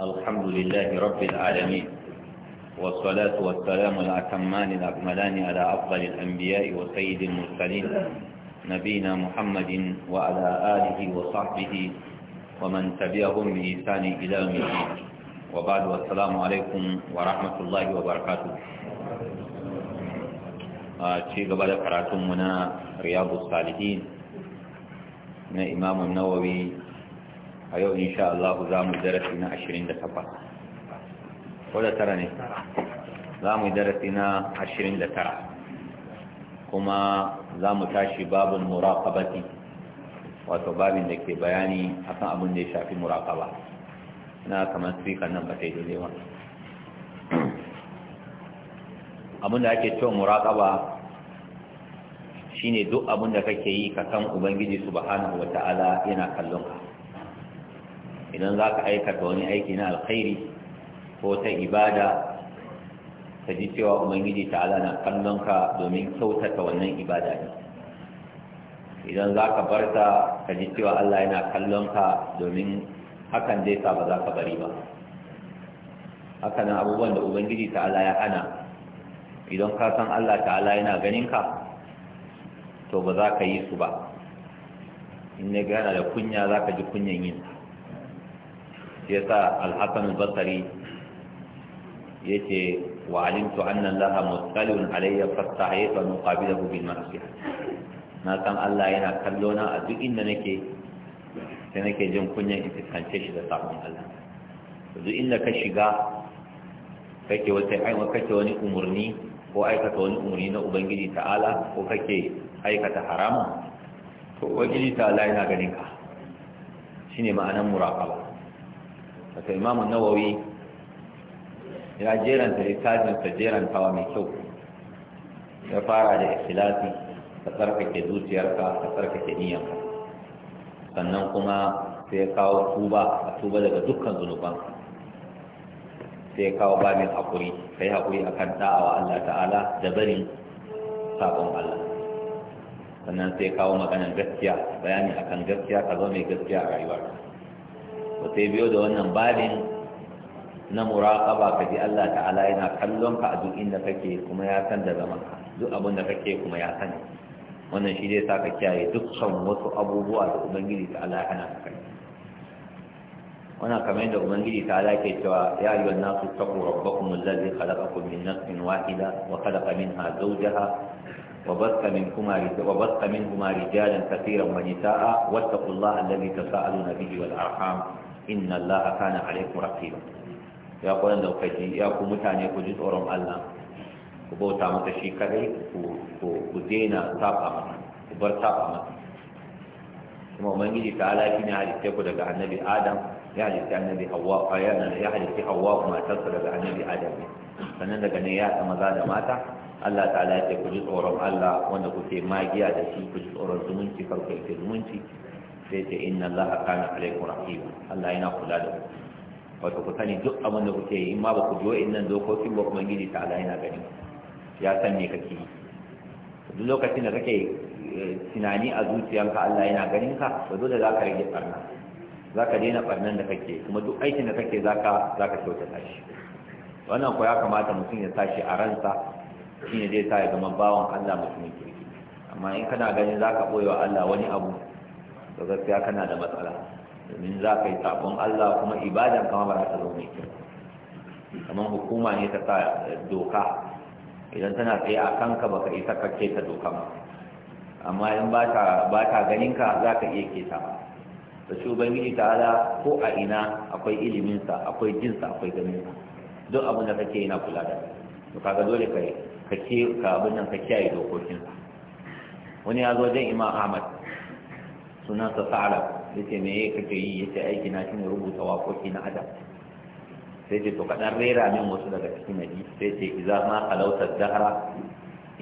الحمد لله رب العالمين والصلاة والسلام الأكمان الأكملان على أفضل الأنبياء وسيد المرسلين نبينا محمد وعلى آله وصحبه ومن تبعهم بإحسان إلى يوم الدين وبعد والسلام عليكم ورحمة الله وبركاته ci آه، قبل قراتمنا رياض الصالحين من إمام النووي a yau insha Allah za mu darasi na 28 ko da tara ne za mu darasi na 29 kuma za mu tashi babin muraqabati wato babin da ke bayani akan abin da ya shafi muraqaba na kamar speaker nan ba yi dole ba abin da ake cewa muraqaba shine duk abin da kake yi ka san ubangiji subhanahu wataala yana kallon ka idan za ka aikata wani aiki na alkhairi ko ta ibada ka ji cewa ubangiji ala na kallon ka domin kyautata wannan ibada ne idan za ka bar ta ka ji cewa allah yana kallon ka domin hakan zai sa ba za ka bari ba haka abubuwan da ubangiji ta'ala ya hana idan ka san allah ta'ala yana ganin ka to ba za ka yi su ba in ne gana da kunya za ka ji kunyan yin shi yasa Alhassan hasan al-basri yace wa alimtu anna allaha muttalun alayya fastahaytu an uqabilahu bil nasiha na san Allah yana kallo na a duk inda nake sai nake jin kunyan in shi da sabon Allah duk inda ka shiga kake wata ai kake wani umurni ko aikata wani umurni na ubangiji ta'ala ko kake aikata haramun to ubangiji ta'ala yana ganin ka shine ma'anar muraqaba haka imamu nawawi ya jeranta littafin sa jerantawa mai kyau ya fara da ikhlasi ka tsarkake zuciyarka ka tsarkake niyyarka sannan kuma sai ya kawo tuba a tuba daga dukkan zunuban sai ya kawo babin haƙuri kai haƙuri akan da'awa Allah ta'ala da barin saƙon Allah sannan sai ya kawo maganar gaskiya bayani akan gaskiya ka zo mai gaskiya a rayuwarka sai biyo da wannan babin na muraƙaba ka ji Allah ta'ala yana kallon ka a duk inda kake kuma ya san da zaman duk abin da kake kuma ya san wannan shi zai sa ka kiyaye dukkan wasu abubuwa da ubangiji allah yana ka kai wannan kamar yadda ubangiji ta ala ke cewa ya yi wa nasu taku rabbakum allazi khalaqakum min nafsin wahida wa khalaqa minha zawjaha wa basta minkuma wa basta minhuma rijalan katiran wa nisaa wattaqullaha allazi tasaaluna bihi wal arham inna Allah kana alaikum raqiba ya ku da kuka ji ya ku mutane ku ji tsoron Allah ku bauta masa shi kadai ku ku daina saba masa ku bar saba masa kuma ubangiji ta ala shi ne halitta ku daga annabi adam ya halitta annabi hawa ayana ya halitta hawa kuma ta daga annabi adam ne sannan daga ne ya ta maza da mata Allah ta ya ce ku ji tsoron Allah wanda ku kuke magiya da shi ku ji tsoron zumunci farko ke zumunci sai ce inna allaha kana alaikum rahima Allah yana kula da ku wato ku sani duk abin da kuke yi in ma ba ku biyo in innan dokokin ba kuma ubangiji ta Allah yana gani ya san me kake yi duk lokacin da kake eh, tunani a zuciyarka Allah yana ganin ka ba dole za ka rage barna za ka daina barnan da kake kuma duk aikin da kake za ka kyauta shi wannan ko ya kamata mutum ya tashi a ransa shine zai sa ya zama bawan Allah mutumin kirki amma in kana ganin za ka ɓoye wa Allah wani abu da gaskiya kana da matsala domin za ka yi sabon Allah kuma ibadan kama ba ta zaune kyau kamar hukuma ne ta sa eh, doka idan tana tsaye a kanka baka isa ka ta doka ba amma in ba ta ganin ka za ka iya keta da shi ubangiji ala ko a ina akwai iliminsa akwai jinsa akwai sa duk abin da kake yana kula da to kaga dole ka ke ka abin nan ka kiyaye dokokinsa wani ya zo jan imam ahmad sunansa sa'ala ya ce me kake yi ya ce aiki na ne rubuta waƙoƙi na adam sai ce to kaɗan rera min wasu daga cikin nabi sai ce iza ma kalautar dahara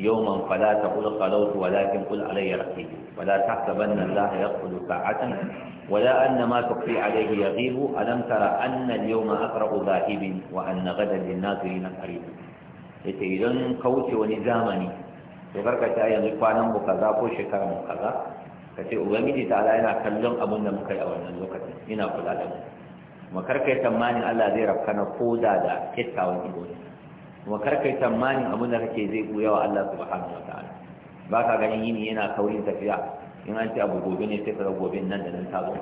يوما فلا تقل قلوت ولكن قل علي رقيب ولا a الله يقبل ساعة ولا أن ما تخفي عليه يغيب ألم ترى na اليوم أقرأ ذاهب وأن غدا للناظرين قريب yace idan kauce wani zamani to karkata yanzu kwanan mu kaza ko shekaran mu kaza ka ce ubangiji ta ala yana kallon abin da muka yi a wannan lokacin yana kula da mu kuma yi tsammanin Allah zai rafka na koda da kyattawan ido kuma yi tsammanin abin da kake zai buya wa Allah subhanahu ala. ba ka ganin yini yana kaurin tafiya in an ce abu gobe ne sai ka gobe nan da nan ta zo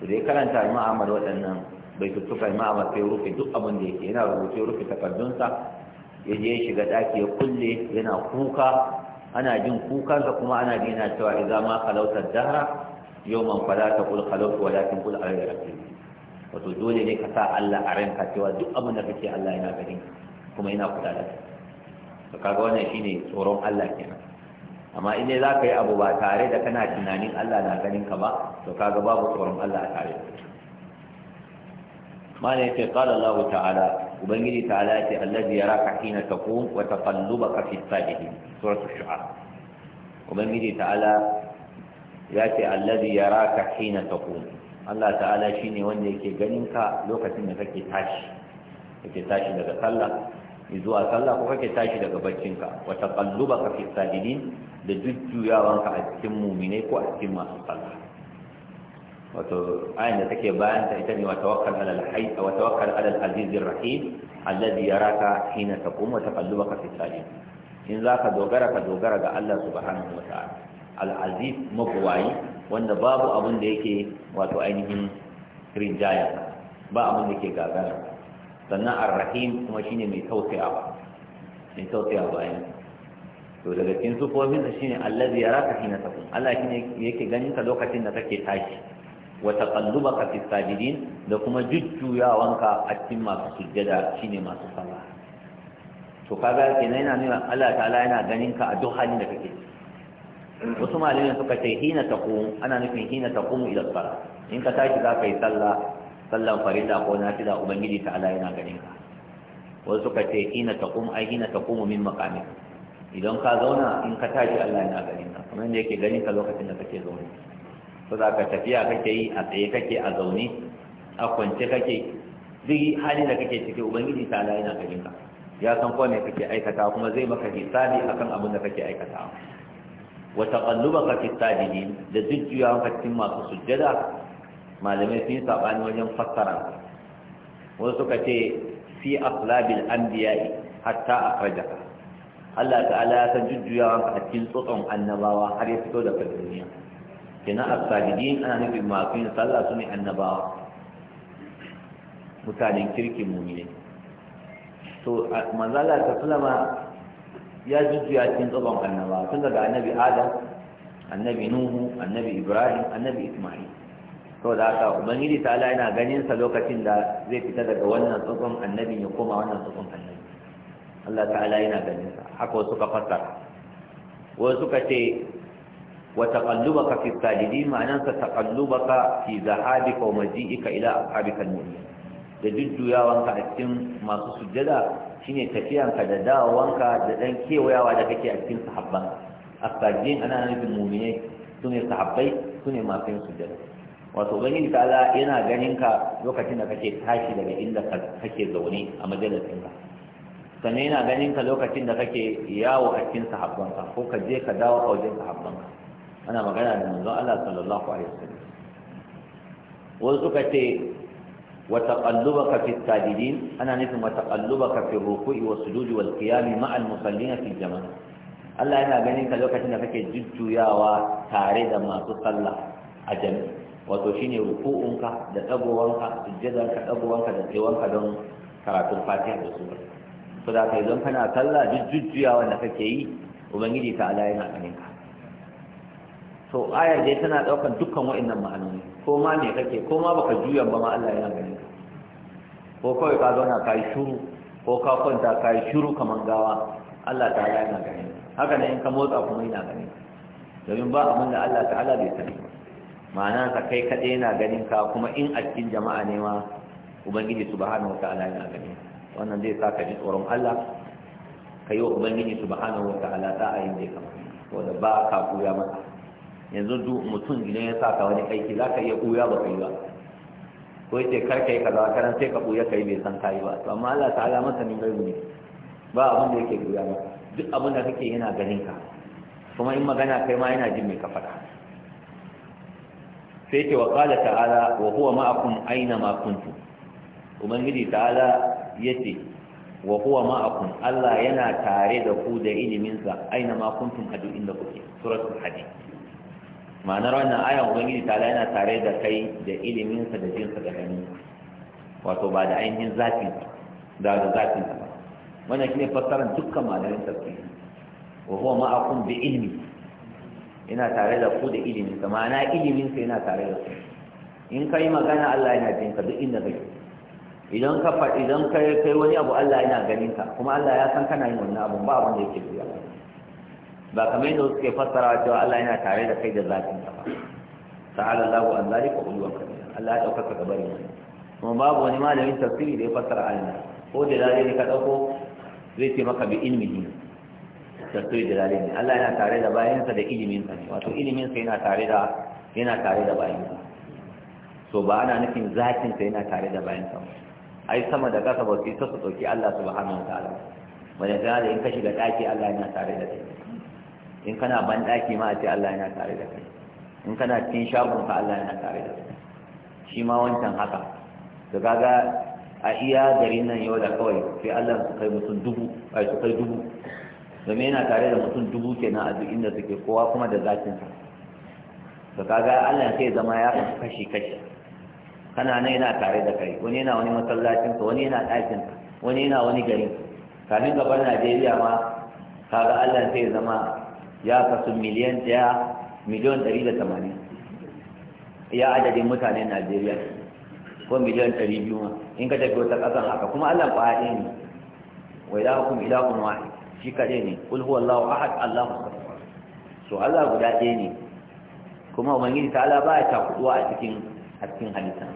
to dai karanta ma'amar waɗannan bai tuttuka ma'amar sai rufe duk abin da yake yana rubuce rufe takardunsa ya je ya shiga ɗaki ya kulle yana kuka ana jin kukansa kuma ana jin yana cewa idza ma khalauta dahra yawman fala taqul khalautu walakin qul alayya rabbi wato dole ne ka sa Allah a ranka cewa duk abin da kake Allah yana gani kuma yana kula da kai to kaga wannan shine tsoron Allah kenan amma in dai zaka yi abu ba tare da kana tunanin Allah na ganin ka ba to kaga babu tsoron Allah a tare da kai malai ce qala Allah ta'ala ubangiji ta ala ce allazi yaraka hina taqum wa taqallubaka fi sajidin suratul shu'ara ubangiji ta ala ya ce allazi yaraka hina taqum Allah ta'ala shine wanda yake ganin ka lokacin da kake tashi kake tashi daga sallah zuwa sallah ko kake tashi daga baccinka wa taqallubaka fi sajidin da jujjuyawanka a cikin mu'minai ko a cikin masu sallah wato ayin da take bayan ta ita ne wa tawakkal alal al-hayy wa tawakkal ala al-aziz ar-rahim alladhi yaraka hina taqum wa ka fi sajid in zaka dogara ka dogara ga Allah subhanahu wa ta'ala al-aziz magwayi wanda babu abin da yake wato ainihin rinjaya ba abin da yake gagara sannan ar-rahim kuma shine mai tausayawa mai tausaya bayan to daga cikin sufofin shine alladhi yaraka hina taqum Allah shine yake ganin ka lokacin da kake tashi wa taqallubaka fi da kuma jujjuyawanka a cikin masu sujjada shine masu sallah to kaga kenan yana nuna Allah ta'ala yana ganin ka a duk halin da kake wasu malamai suka ce hina taqum ana nufin hina taqum ila salat in ka tashi za ka yi sallah sallan farilla ko na nafila ubangiji ta'ala yana ganin ka wasu suka ce hina taqum ai hina taqumu min maqamika idan ka zauna in ka tashi Allah yana ganin ka kuma yadda yake ganin ka lokacin da kake zaune ko za ka tafiya kake yi a tsaye kake a zaune a kwance kake duk hali da kake ciki ubangiji ta ala yana garin ka ya san ko me kake aikata kuma zai maka hisabi akan abin da kake aikata wa taqallubaka fi sajidin da jujjuyawa ka cikin masu sujjada malamai sun sabani wajen fassara wasu suka ce fi aslabil anbiya'i hatta akhrajaka Allah ta'ala ya san jujjuyawa a cikin tsotson annabawa har ya fito da duniya kenan asajidin ana nufin masu yin sallah su ne annabawa mutanen kirkin mu ne to manzala ta sulama ya jujjuya cikin tsabon annabawa tun daga annabi adam annabi nuhu annabi ibrahim annabi ismail to da haka ubangiji ta ala yana ganin sa lokacin da zai fita daga wannan tsohon annabi ya koma wannan tsohon annabi Allah ta'ala yana ganin sa haka wasu ka fassara wasu suka ce wa taqallubaka fi sajidin ma'anan sa taqallubaka fi zahabika wa maji'ika ila ashabika almu'min da jujjuyawanka a cikin masu sujjada shine tafiyanka da dawowanka da dan kewayawa da kake a cikin sahabban asajin ana nufin mu'minai sune sahabbai masu wato ganin ta Allah yana ganin ka lokacin da kake tashi daga inda kake zaune a ka. sannan yana ganin ka lokacin da kake yawo a cikin ka, ko ka je ka dawo a wajen ka. ana magana da manzon Allah sallallahu alaihi wasallam Wani suka ce wa taqallubaka fi sajidin ana nufin wa taqallubaka fi ruku'i wa sujudi wal qiyami ma'a al musallina fi jama'a Allah yana ganin ka lokacin da kake jujjuyawa tare da masu sallah a jami'a wato shine ruku'unka da tsagowanka sujjadanka tsagowanka da tsewanka don karatun fatiha da sura so da kai don kana sallah jujjuyawa da kake yi ubangiji ta Allah yana ganin ka to ayar dai tana daukan dukkan wa'annan ma'anoni ko ma me kake ko ma baka juya ba ma Allah ya gani ko kawai ka zauna kai shuru ko ka kwanta kai shuru kaman gawa Allah ta'ala yana gani haka ne in ka motsa kuma yana gani domin ba abin da Allah ta'ala bai sani ma'ana ka kai kaɗai yana ganin ka kuma in a cikin jama'a ne ma ubangiji subhanahu wa ta'ala yana gani wannan zai sa ka ji tsoron Allah ka yi wa ubangiji subhanahu wa ta'ala ta'ayin da ya kama wanda ba ka kuya masa yanzu duk mutum idan ya sa ka wani aiki za ka iya ɓuya ba kai ba ko yace kar kai kaza karan sai ka ɓuya kai bai san kai ba to amma Allah ta'ala masa ni bai ne ba abin da yake ɓuya ba duk abin da kake yana ganin ka kuma in magana kai ma yana jin mai ka faɗa sai ce wa qala ta'ala wa huwa ma'akum aina ma kuntu. ubangiji ta'ala yace wa huwa ma'akum Allah yana tare da ku da iliminsa aina ma kuntum a duk inda kuke suratul hadid ma'anar wannan ayan ubangiji ta yana tare da kai da iliminsa da jinsa da ganin wato ba da ainihin zafin da da zafin ba wannan shine fassarar dukkan malamin tafsiri wa huwa ma'akum bi ilmi ina tare da ku da ilimin sa ma'ana ilimin sa yana tare da ku in kai magana Allah yana jin ka duk inda kake idan ka fa idan kai kai wani abu Allah yana ganin ka kuma Allah ya san kana yin wannan abu ba abin da yake buya ba kamar yadda suke fassara cewa Allah yana tare da kai da ka sa ta'ala Allahu an zalika ulwan kabira Allah ya dauka ka bari shi kuma babu wani malamin tafsiri da ya fassara ayin ko da ne ka dauko zai ce maka bi ilmihi tafsiri da ne. Allah yana tare da bayansa da ilimin sa ne wato ilimin sa yana tare da yana tare da sa so ba ana nufin zakin sa yana tare da bayansa ai sama da kasa ba su ta su dauki Allah subhanahu wa ta'ala wanda da in ka shiga daki Allah yana tare da kai in kana ban daki ma a ce Allah yana tare da kai in kana cikin shagon ka Allah yana tare da kai shi ma wancan haka to kaga a iya garin nan yau da kawai sai Allah su kai mutum dubu ai su kai dubu domin yana tare da mutum dubu kenan a duk inda suke kowa kuma da zakin sa to kaga Allah sai zama ya kashi kashi kana nan yana tare da kai wani yana wani masallacin ka wani yana ɗakin ka wani yana wani gari kafin gabar Najeriya ma kaga Allah sai zama ya kasu miliyan ɗaya miliyan ɗari da tamanin ya adadin mutanen najeriya ko miliyan ɗari biyu ma in ka tafi wata ƙasar haka kuma allah ƙwaya ɗaya ne wa ila kun wa shi kaɗai ne kulhu huwa allahu ahad allahu samad so allah guda ɗaya ne kuma ubangiji ta ala baya kuɗuwa a cikin a cikin halittar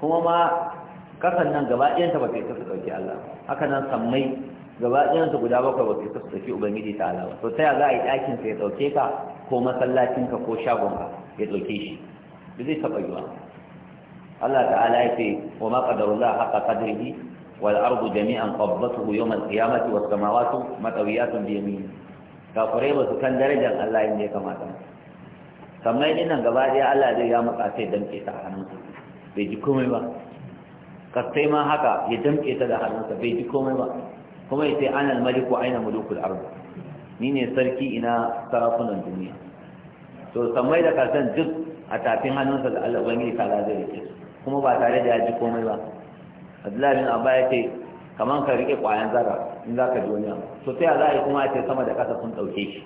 kuma ma kasan nan gaba ɗayan ta ba ta ɗauki allah haka nan sammai gaba ɗayansu guda bakwai ba su isa su ɗauki ubangiji ta alawa to ta za a yi ɗakin sa ya ɗauke ka ko masallacinka ko shagon ka ya ɗauke shi ba zai taɓa yiwa Allah ta'ala ya ce wa ma qadarullah haqa qadrihi wal ardu jami'an qabdatuhu yawm al qiyamati was samawati matawiyatun bi yamini kafirai ba su kan darajar Allah inda ya kamata kamar nan gaba ɗaya Allah zai ya matsa sai damke ta a hannunsa bai ji komai ba kasai ma haka ya damke ta da hannunsa bai ji komai ba kuma ya ce anal maliku aina mulukul ard ni ne sarki ina sarakunan duniya to sammai da kasan duk a tafin hannunsa da Allah ubangiji ta la zai rike kuma ba tare da ya ji komai ba Abdullahi bin Abba ya ce kaman ka rike kwayan zara in za ka ji wani to ta za a yi kuma ya ce sama da ƙasa sun ɗauke shi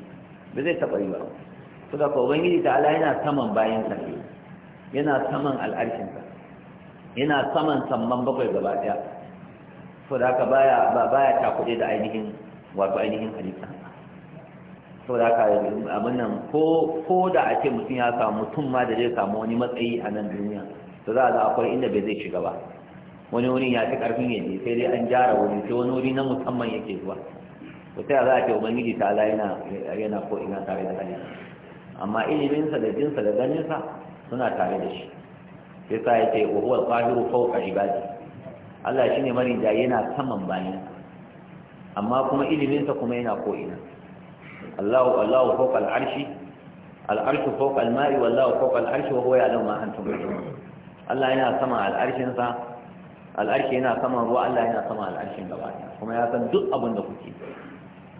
ba zai taɓa yi ba to da ko ubangiji ta Allah yana saman bayan sa yana saman al'arshin sa yana saman samman bakwai gaba ɗaya saboda haka baya ba baya kuɗe da ainihin wato ainihin halitta saboda haka abin nan ko ko da a ce mutum ya samu mutum ma da zai samu wani matsayi a nan duniya to za a ga akwai inda bai zai shiga ba wani wani ya ci karfin ya je sai dai an jara wani sai wani wuri na musamman yake zuwa to sai za a ce ubangiji ta ala yana yana ko ina tare da halitta amma iliminsa da jinsa da ganinsa suna tare da shi sai sa ya ce wa huwa al-qahiru fawqa ibadi Allah shi ne marija yana saman bayan amma kuma iliminsa kuma yana ko'ina Allahu Allahu fawqa fawqa al-ma'i wallahu fawqa wa huwa ya'lamu ma antum Allah yana sama al sa yana sama ruwa Allah yana sama al gaba kuma ya san duk abin da kuke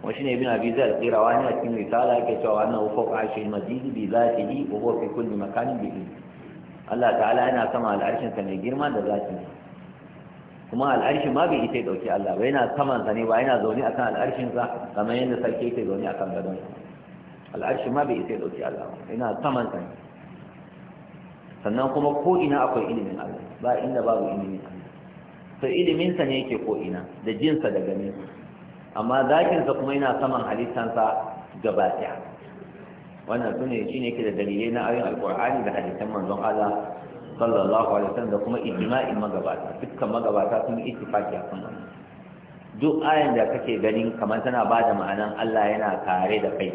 wa shine ibn abi zar qirawa ne a cikin risala yake cewa annahu fawqa al majid bi zatihi wa huwa fi kulli makanin bi Allah ta'ala yana sama al sa mai girma da zatinsa kuma al'arshi ma bai ita ya dauki Allah ba yana saman sa ne ba yana zaune akan al'arshin sa kamar yadda sarki yake zaune akan gadon al'arshi ma bai ita ya dauki Allah ba yana saman sa ne sannan kuma ko ina akwai ilimin Allah ba inda babu ilimin Allah to ilimin sa ne yake ko ina da jinsa da ganin amma zakin sa kuma yana saman halittansa gaba daya wannan sune shine yake da dalilai na ayoyin alqur'ani da hadisan manzon Allah sallallahu alaihi wasallam da kuma ijma'in magabata dukkan magabata sun yi ittifaqi akan wannan duk ayan da kake ganin kamar tana bada ma'anan Allah yana tare da kai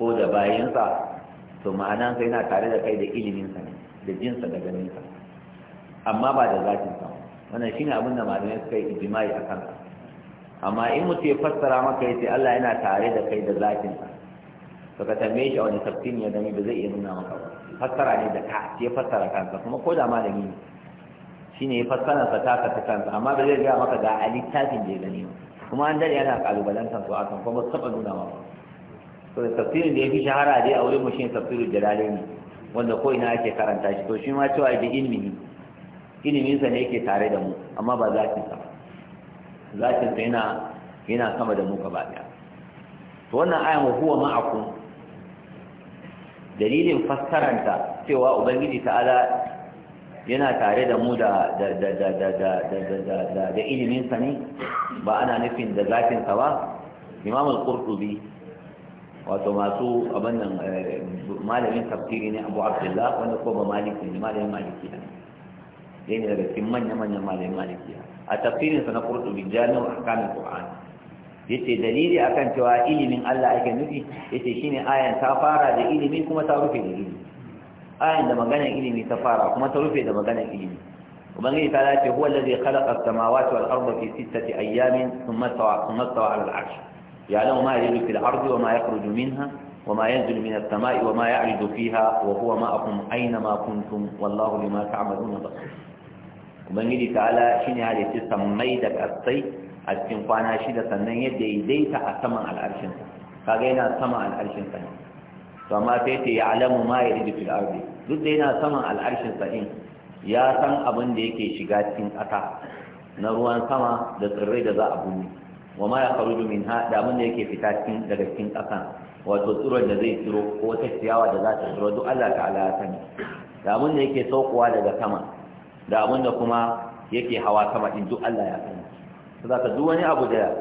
ko da bayinsa to ma'anan sai yana tare da kai da ilimin sa ne da jinsa da ganin sa amma ba da zatin sa wannan shine abin da malamai suka yi ijma'i akan sa amma in mutum ya fassara maka yace Allah yana tare da kai da zatin sa to ka tambaye shi a wani tafsiri ya gani ba zai iya nuna maka ba fassara ne da ta ya fassara kansa kuma ko da malami ne shine ya fassara sa ta kasa kansa amma ba zai gaya maka ga a littafin da ya gani kuma an dare yana kalubalantar su kan kuma saba nuna ma to tafsirin da ya fi shahara dai a wurin mu shine tafsirul ne wanda ko ina ake karanta shi to shi ma cewa da ilmi ilimin sa ne yake tare da mu amma ba zatin sa ki sa yana yana sama da mu gaba daya to wannan ayan huwa ma'akum dalilin fassaranta cewa ubangiji ta'ala yana tare da mu da iliminsa ne ba ana nufin da zafinsa ba imam al wato masu abannan malamin tafsiri ne abu abdullah wanda ko ba maliki ne malamin maliki ne yana daga cikin manya-manyan malamin maliki a tafsirinsa na qurtubi jami'u ahkamul qur'an yace dalili akan cewa ilimin Allah ake nufi yace shine ayan ta fara da ilimi kuma ta rufe da ilimi ayan da maganar ilimi ta fara kuma ta rufe da maganar ilimi ubangiji ta ce huwa allazi khalaqa as-samawati wal arda fi sittati ayamin thumma tawa thumma tawa ala al-arsh ya'lamu ma yajidu fil ardi wa ma yakhruju minha wa ma yanzilu min as-sama'i wa ma ya'ridu fiha wa huwa ma'akum aina ma kuntum wallahu bima ta'maluna basir ubangiji ta'ala shine halitta sammai da kasai a cikin kwana shida sannan yadda ya daidaita a saman al'arshinsa kaga yana saman al'arshinsa ne to amma sai ce ya alamu ma ya riji fil ardi duk da yana saman al'arshinsa din ya san abin da yake shiga cikin ƙasa na ruwan sama da tsirrai da za a bunni wa ma ya kharuju ha da abin da yake fita cikin daga cikin ƙasa wato tsiron da zai tsiro ko wata ciyawa da za ta tsiro duk Allah ta'ala ya sani da abin da yake saukowa daga sama da abin da kuma yake hawa sama din duk Allah ya sani za ka zuwa wani abu da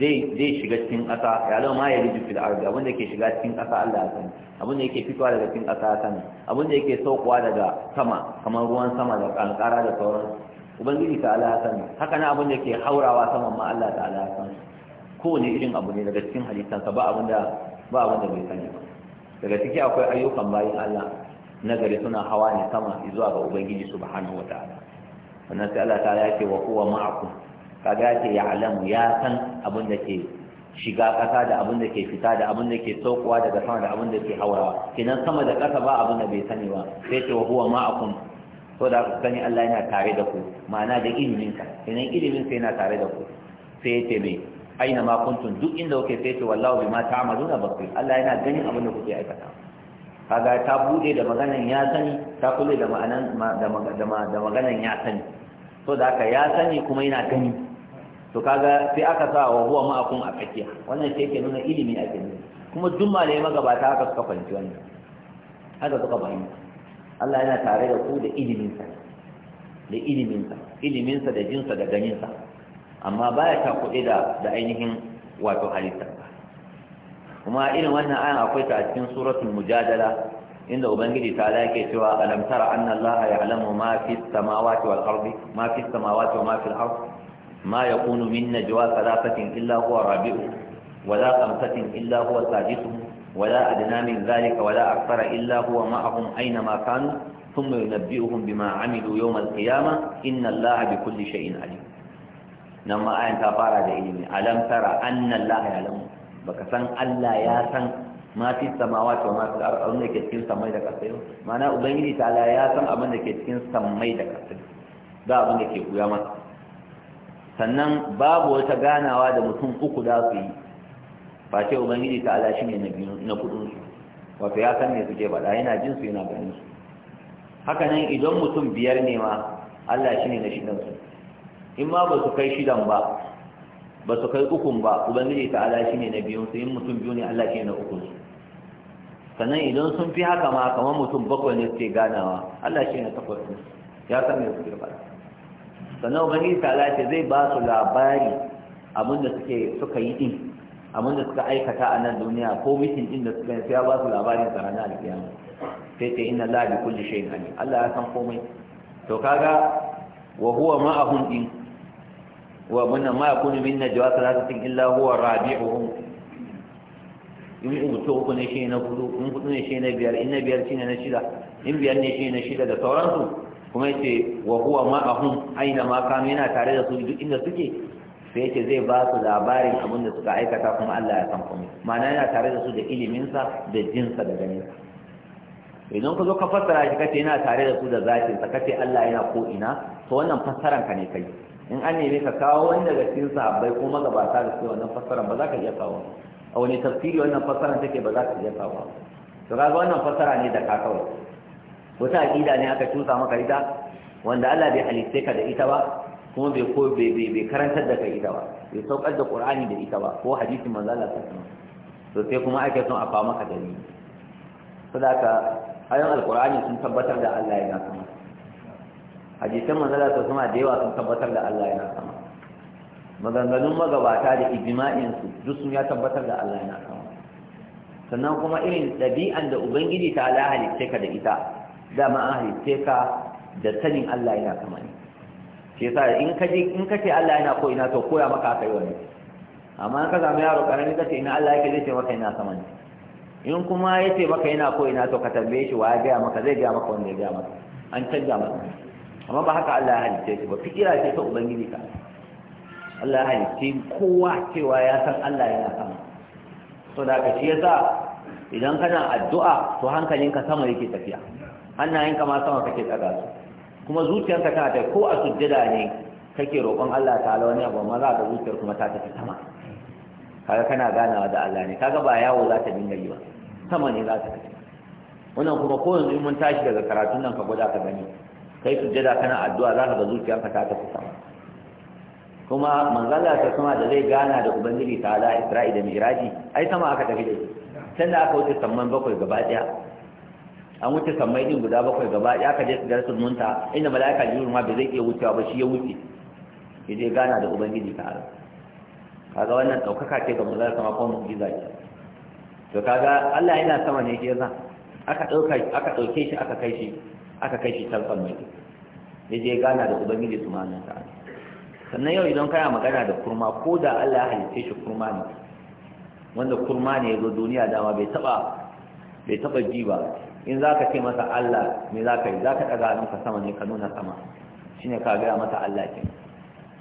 zai shiga cikin ƙasa ya lau ma ya riju fil ardi abin da ke shiga cikin ƙasa Allah ya sani abinda da yake fitowa daga cikin ƙasa ya sani abinda da yake saukowa daga sama kamar ruwan sama da ƙanƙara da sauran ubangiji ta Allah ya sani haka na abinda da ke haurawa saman ma Allah ta Allah ya sani kowane irin abu ne daga cikin halittansa ba abinda ba abinda bai sani ba daga ciki akwai ayyukan bayan Allah nagari suna hawa ne sama zuwa ga ubangiji subhanahu wataala wannan sai Allah ta ya ce wa huwa ma'akum kaga ya alamu ya san abin da ke shiga ƙasa da abin da ke fita da abin da ke saukowa daga sama da abin da ke haurawa kenan sama da ƙasa ba abin da bai sani ba sai ce wa huwa ma ma'akum So da ku sani Allah yana tare da ku ma'ana da ilimin ka kenan ilimin sai yana tare da ku sai ya ce me aina ma kuntun duk inda kuke sai ce wallahu bima ta'maluna basir Allah yana ganin abin da kuke aikata kaga ta bude da maganan ya sani ta kulle da ma'anan da maganan ya sani to da haka ya sani kuma yana gani to kaga sai aka sa wa huwa ma'akum a tsakiya wannan sai ke nuna ilimi a cikin kuma duk malamai magabata haka suka fahimci wani. haka suka fahimta Allah yana tare da ku da iliminsa da iliminsa iliminsa da jinsa da ganinsa amma baya ta kuɗi da da ainihin wato halitta kuma irin wannan ayan akwai ta a cikin suratul mujadala inda ubangiji ta lake cewa alam tara anna allaha ya'lamu ma fi samawati wal ardi ma fi samawati wa ma fil ardi ما يكون من نجوى ثلاثة إلا هو رابعه ولا خمسة إلا هو سادسه ولا أدنى من ذلك ولا أكثر إلا هو معهم أينما كانوا ثم ينبئهم بما عملوا يوم القيامة إن الله بكل شيء عليم نما آية تفارة إلمي ألم ترى أن الله يعلم بكسن ألا ياسن ما في السماوات وما في الأرض أظن كتكين سمي دك أسير معنى أبنجي تعالى ياسن أبن كتكين سمي دك أسير ده أبن كتكين sannan babu wata ganawa da mutum uku da su yi ba ce ubangiji ta ala shi ne na kudinsu wato ya san me suke faɗa yana jin su yana ganin su haka nan idan mutum biyar ne ma allah shi ne na shidan su in ma ba su kai shidan ba ba su kai ukun ba ubangiji ta ala shi ne na biyun su in mutum biyu ne allah shi ne na ukun su sannan idan sun fi haka ma kamar mutum bakwai ne suke ganawa allah shi ne na takwas ya san me suke faɗa sannan ubangiji ta'ala ce zai ba su labari abinda suke suka yi din abinda suka aikata a nan duniya ko mitin din da suka yi ya ba su labarin sa ranar alkiyama sai ta inna la kulli shay'in alim Allah ya san komai to kaga wa huwa ma'ahum din wa bunna ma yakunu min najwa salatin illa huwa rabi'uhum in to ku ne shi na hudu in hudu ne shi na biyar in na biyar shi ne na shida in biyar ne shi na shida da sauransu kuma yace wa huwa hun, aina ma kam yana tare da su duk inda suke sai yace zai ba su labarin abin da suka aikata kuma Allah ya san komai ma'ana yana tare da su da ilimin sa da jin sa da ganin idan ka zo ka fassara shi kace yana tare da su da zatin sa kace Allah yana ko ina to wannan fassaran ka ne kai in an neme ka kawo wani daga cikin sahabbai ko magabata da su wannan fassaran ba za ka iya kawo a wani tafsiri wannan fassaran take ba za ka iya kawo to ga wannan fassara ne da ka kawo. wata aqida ne aka tusa maka ita wanda Allah bai halitta ka da ita ba kuma bai ko bai bai karantar da kai ita ba bai saukar da Qur'ani da ita ba ko hadisin manzo Allah sallallahu alaihi wasallam to sai kuma ake son a fa maka dalili saboda ayoyin alqur'ani sun tabbatar da Allah ya sama hadisan manzo Allah sallallahu alaihi wasallam da yawa sun tabbatar da Allah yana sama maganganun magabata da ijma'in su duk sun ya tabbatar da Allah yana sama sannan kuma irin dabi'an da ubangiji ta ala halitta ka da ita dama an haife ka da sanin Allah yana kama ne shi yasa in ka je in ka ce Allah yana ko ina to koya maka aka yi wani amma in ka zama yaro karami ka ce ina Allah yake zai ce maka yana sama ne in kuma ya ce maka yana ko ina to ka tambaye shi wa ya gaya maka zai gaya maka wanda ya gaya maka an canja maka amma ba haka Allah ya halitte shi ba fikira ce ta ubangiji ka Allah ya halitte kowa cewa ya san Allah yana sama sau da ka shi yasa idan kana addu'a to hankalinka sama yake tafiya hannayenka ma sama kake tsaga su kuma zuciyarka tana ta ko a sujjada ne kake roƙon Allah ta'ala wani abu amma za ka zuciyar kuma ta tafi sama kaga kana ganawa da Allah ne kaga ba yawo za ta dinga yi ba sama ne za ta tafi wannan kuma ko yanzu mun tashi daga karatun nan ka gwada ka gani kai sujjada kana addu'a za ka ga zuciyarka ta tafi sama kuma manzala ta sama da zai gana da ubangiji ta ala isra'i da miraji ai sama aka tafi da shi Sannan aka wuce samman bakwai gaba daya an wuce sammai din guda bakwai gaba ya kaje su darasul munta inda malaika jibril ma bai zai iya wucewa ba shi ya wuce ya je gana da ubangiji ta ala kaga wannan daukaka ce ga manzon sama ko mu'jiza ce to kaga Allah yana sama ne ke zan. aka dauka aka dauke shi aka kai shi aka kai shi can mai ya je gana da ubangiji su nan ta ta'ala sannan yau idan kana magana da kurma ko da Allah ya halitta shi kurma ne wanda kurma ne ya zo duniya dama bai taba bai taba ji ba in za ka ce masa Allah me za ka yi za ka ɗaga nuka sama ne ka nuna sama shi ne ka gaya masa Allah ke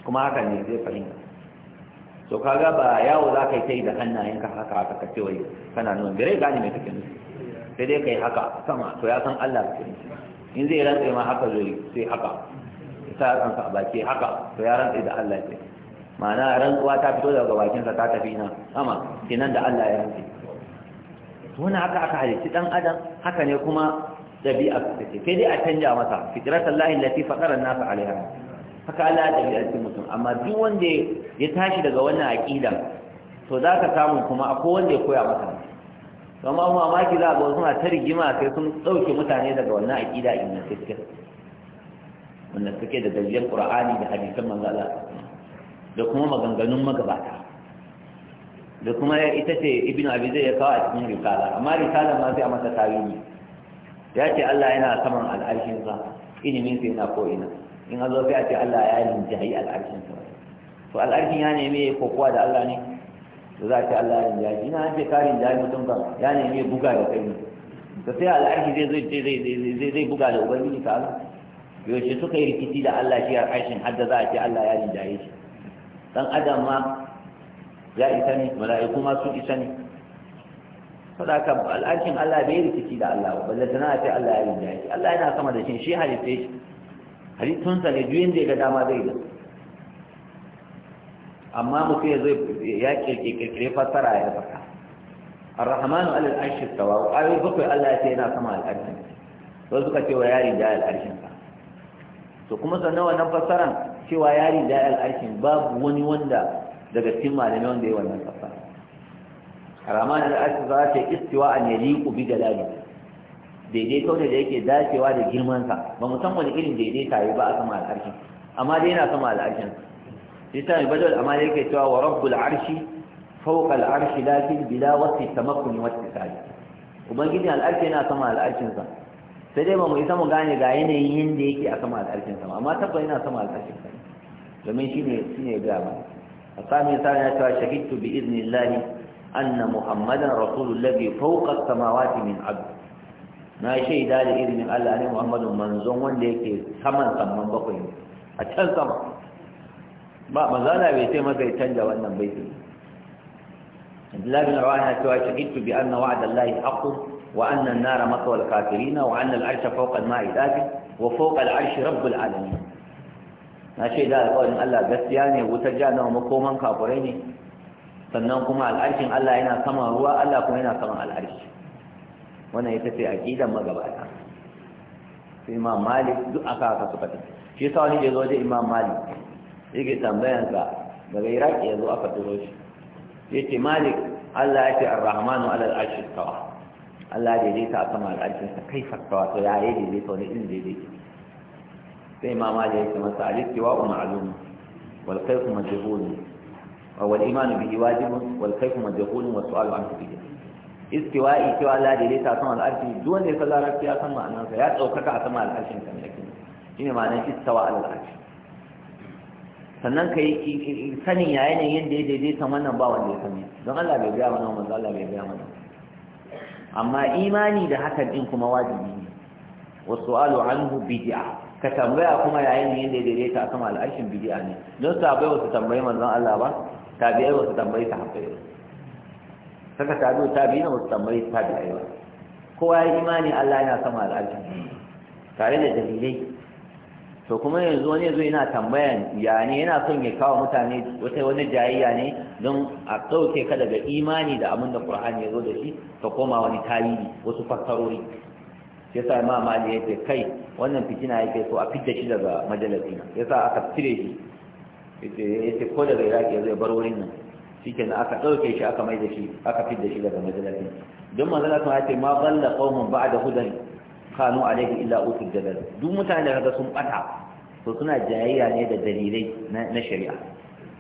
kuma haka ne zai fahimta to ga ba yawo za ka yi ta yi da hannayenka haka haka ka ce wai kana nuna gare gane mai kake nufi sai dai ka yi haka sama to ya san Allah ke in zai rantse ma haka zai sai haka ta ya kansa a baki haka to ya rantse da Allah ke ma'ana rantsuwa ta fito daga bakinsa ta tafi na sama kenan da Allah ya rantse wani haka aka halitti dan adam haka ne kuma dabi'a take sai dai a canja masa fitratan lahi lati fatara nasu alaiha haka Allah ya dabi'a cikin mutum amma duk wanda ya tashi daga wannan aƙidan to za ka samu kuma akwai wanda ya koya masa amma mu mamaki za ga suna ta rigima sai sun dauke mutane daga wannan aqida in na fiske wanda suke da dalilan qur'ani da hadisan manzo da kuma maganganun magabata da kuma ita ce ibn abi zai ya kawo a cikin risala amma risala ma sai a masa tarihi ya ce Allah yana saman al'arshin sa ilimin sa yana ko ina in an zo sai a ce Allah ya linjayi al'arshin sa to al'arshin ya nemi kokowa da Allah ne To za a ce Allah ya linjayi ina ce karin jayi mutum ba ya nemi ya buga da kai ne to sai al'arshi zai zai zai buga da ubangiji ta Allah yaushe suka yi rikici da Allah shi al'arshin har da za a ce Allah ya linjaye shi dan adam ma ya isa ne mala'iku ma sun isa ne saboda al'arshin Allah bai rikici da Allah ba balle tana ce Allah ya rinda shi Allah yana sama da shi shi halitta shi halittun sa ne duyin da ya ga dama zai da amma mutum ya zo ya kirkire fassara ya faɗa الرحمن على العرش استوى وقالوا بكر الله يتينا سما العرش wasu suka cewa yari da al'arshin ka to kuma sannan wannan fassaran cewa yari da babu wani wanda daga cikin malamai wanda ya wannan kafa ramani al'ashi za ta istiwa an yaliqu bi jalali Daidai ne da yake dacewa da girman girmansa ba mu san wani irin daidaita yi ba a sama al'arshin amma dai yana sama al'arshin sai ta badal amma da yake cewa wa rabbul arshi fawqa al arshi lakin bila wasi tamakkun wa ittisali ubangiji al'arshi yana sama al'arshin sa sai dai ba mu isa mu gane ga yanayin yanda yake a sama al'arshin sa amma tabbas yana sama al'arshin sa domin shine shine ga ba الثاني ثاني شهدت بإذن الله أن محمدا رسول الذي فوق السماوات من عبد ما شيء ذلك إذن الله أن محمد منزون وليك ثمن ثمن بقين أتشل ثمن ما مزالا بيتي ماذا يتنجى وأن بيتي عبد الله بن رواحة شهدت بأن وعد الله حق وأن النار مطوى الكافرين وأن العرش فوق الماء ذاته وفوق العرش رب العالمين na shaida alƙawarin Allah gaskiya ne wutar jahannama makoman kafurai ne sannan kuma al'arshin Allah yana sama ruwa Allah kuma yana sama al'arshi wannan ita ce aqidan magabata sai Imam Malik duk aka aka suka tafi shi yasa wani da zo da Imam Malik yake tambayan sa daga Iraq ya zo aka turo shi yace Malik Allah ya ce Ar-Rahmanu 'ala al-'arshi Allah ya daidaita a sama al'arshin sa kaifa istawa to ya yi daidaita wani irin daidaita sai imama da yake masa al-istiwa'u ma'lum wal kuma majhul wal iman bihi wajib wal kayfu majhul wa su'alu anhu bihi istiwa'i cewa Allah da yake sama al-arshi duk wanda ya san larabci ya san ma'anar sa ya daukaka a sama al-arshin kan yake shine ma'anar istawa al sannan ka yi sanin ya yanayin yadda ya daidaita wannan ba wanda ya sani don Allah bai gaya mana manzo Allah bai gaya mana amma imani da hakan din kuma wajibi ne Wasu su'alu anhu bid'a ka tambaya kuma yayin ne yadda ta kama al'ashin bid'a ne don sahabbai wasu tambayi manzan Allah ba tabi'ai wasu tambayi ta ba saka tabi'u na wasu tambayi tabi'ai ba kowa ya imani Allah yana sama al'ashin tare da dalilai to kuma yanzu wani yanzu yana tambayan ya ne yana son ya kawo mutane wata wani jayayya ne don a ɗauke ka daga imani da abin da ƙur'ani ya zo da shi ka koma wani tarihi wasu fassarori ya sa ma mali ya ce kai wannan fitina ya ke so a fidda shi daga majalisi ya sa aka cire shi ya ce ko daga iraki ya zai bar wurin nan shi ke aka ɗauke shi aka maida shi aka fidda shi daga majalisi don manzana sun ya ce ma balla ƙaumin ba da hudan kanu alaihi illa utul jalal duk mutane da kaga sun ɓata to suna jayayya ne da dalilai na shari'a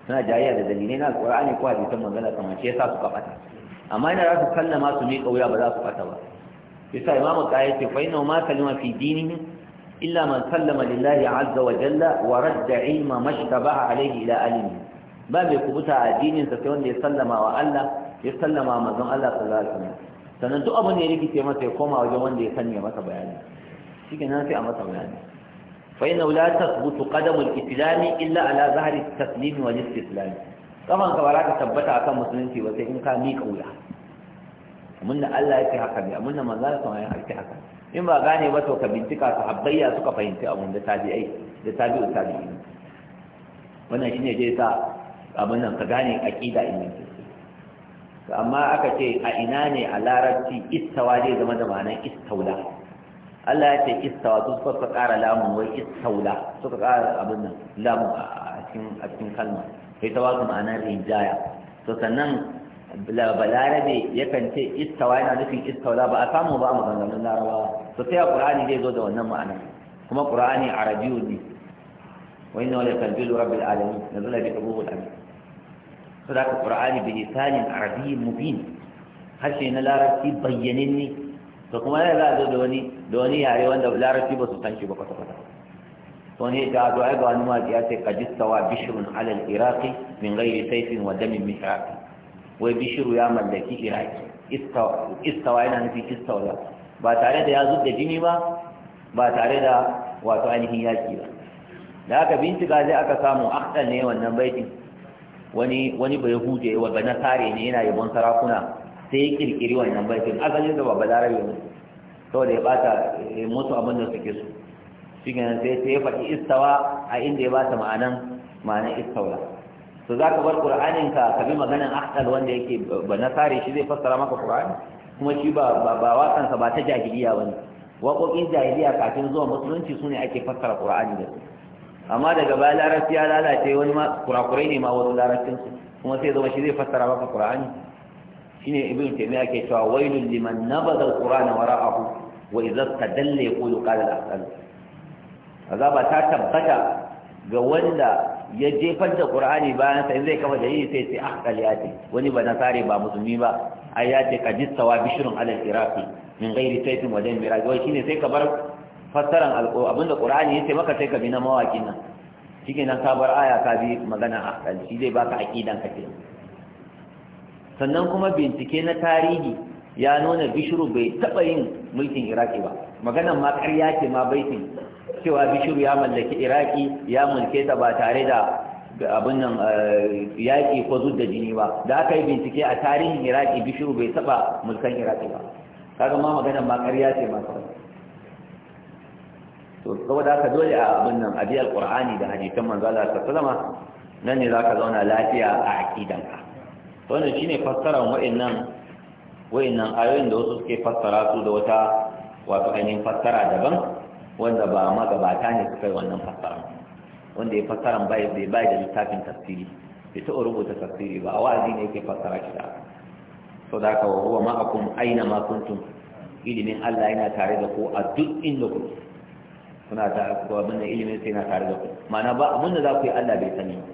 suna jayayya da dalilai na alƙur'ani ko hadisan manzana kamar shi yasa suka ɓata amma ina za su kallama su miƙa wuya ba za su ɓata ba yasa imamu qayyim ce fa inna ma kalima fi dinihi illa man sallama lillahi azza wa jalla wa radda ilma mashtabaha alayhi ila alimi ba mai kubuta a addinin sa sai wanda ya sallama wa Allah ya sallama manzon Allah sallallahu alaihi wasallam sannan duk abin da ya rikice masa ya koma wajen wanda ya sanya masa bayani shi nan sai a masa bayani فإنه لا تثبت قدم الإسلام إلا على ka التسليم والاستسلام طبعا musulunci ba sai in ka miƙa أولا abinda Allah ya ce haka ne abinda manzala sama ya ce haka in ba gane ba to ka bincika su habbayya suka fahimci abun da tabi'ai da tabi'u tabi'i wannan shine zai sa abun nan ka gane aqida ingantacce amma aka ce a ina ne a larabci istawa zai zama da ma'anar istaula Allah ya ce istawa su suka kara lamun wai istaula suka kara abin nan lamun a cikin kalma sai ta wasu ma'anar rijaya to sannan balarabe yakan ce istawa yana nufin istawa ba a samu ba maganganun larawa to sai a qur'ani zai zo da wannan ma'ana kuma qur'ani arabiyyu ne wa inna la tanzilu rabbil alamin nazala bi qubul alamin to da qur'ani bi lisanin arabiyyin mubin harshe na larabci bayyanin ne to kuma yana za a zo da wani da wani yare wanda larabci ba su san shi ba kwata kwata to ne ga da ai ga wani ma ya ce qajistawa bishrun ala al-iraqi min ghairi sayfin wa damin mihraqi wai bishiru ya mallaki iraki istawa yana nufi istawa ba tare da ya zub da jini ba ba tare da wato ainihin yaki ba da aka bincika zai aka samu akdal ne wannan baitin wani wani bai huje wa ba nasare ne yana yabon sarakuna sai ya kirkiri wannan baitin asalin da ba larabe ne saboda ya bata musu abin da suke so shi ne sai ya faɗi istawa a inda ya bata ma'anan ma'anan istawa to za ka bar ƙur'anin ka ka bi maganan akal wanda yake ba nasare shi zai fassara maka ƙur'ani kuma shi ba ba wakansa ba ta jahiliya ne waƙoƙin jahiliya kafin zuwa musulunci su ne ake fassara ƙur'ani da su amma daga baya larabci ya lalace wani ma kurakurai ne ma wasu larabcin kuma sai zama shi zai fassara maka ƙur'ani shine ibn taymiya ke cewa wailul liman nabada alqur'ana wara'ahu wa idza tadalla yaqulu qala al-ahsan azaba ta tabbata ga wanda ya jefar da qur'ani bayan sai zai kafa dalili sai sai ahqal ya ce wani ba nasare ba musulmi ba ai ya ce ka bishrun ala al iraqi min ghairi tayfin wa dami raj wai shine sai ka bar fassaran alqur'ani abinda qur'ani yace maka sai ka bi na mawakin nan nan ka bar aya ka bi magana ahqal shi zai baka aqidan ka ce sannan kuma bincike na tarihi ya nuna bishru bai taɓa yin mulkin iraki ba maganan ma ƙarya ce ma baitin cewa bishiru ya mallaki iraki ya mulke ta ba tare da abin nan eh, yaƙi ko da jini ba da aka yi bincike a tarihin iraki bishiru bai taɓa mulkan iraki ba kaga ma maganan ma ƙarya ce ma kawai to saboda haka dole a abin nan a biyar qur'ani da hadisan manzo Allah sallama nan ne zaka zauna lafiya a aqidanka wannan shine fassara wa'annan wa'annan ayoyin da wasu suke fassara su da wata wato ainihin fassara daban wanda ba magabata ne suka yi wannan fassara wanda ya fassara bai bai bai da littafin tafsiri bai taɓa rubuta tafsiri ba a wa'azi ne yake fassara shi da so da haka wa huwa ma'akum aina ma kuntum ilimin Allah yana tare da ku a duk inda kuke kuna ta ko abin da ilimin sai yana tare da ku ma'ana ba abin da za ku yi Allah bai sani ba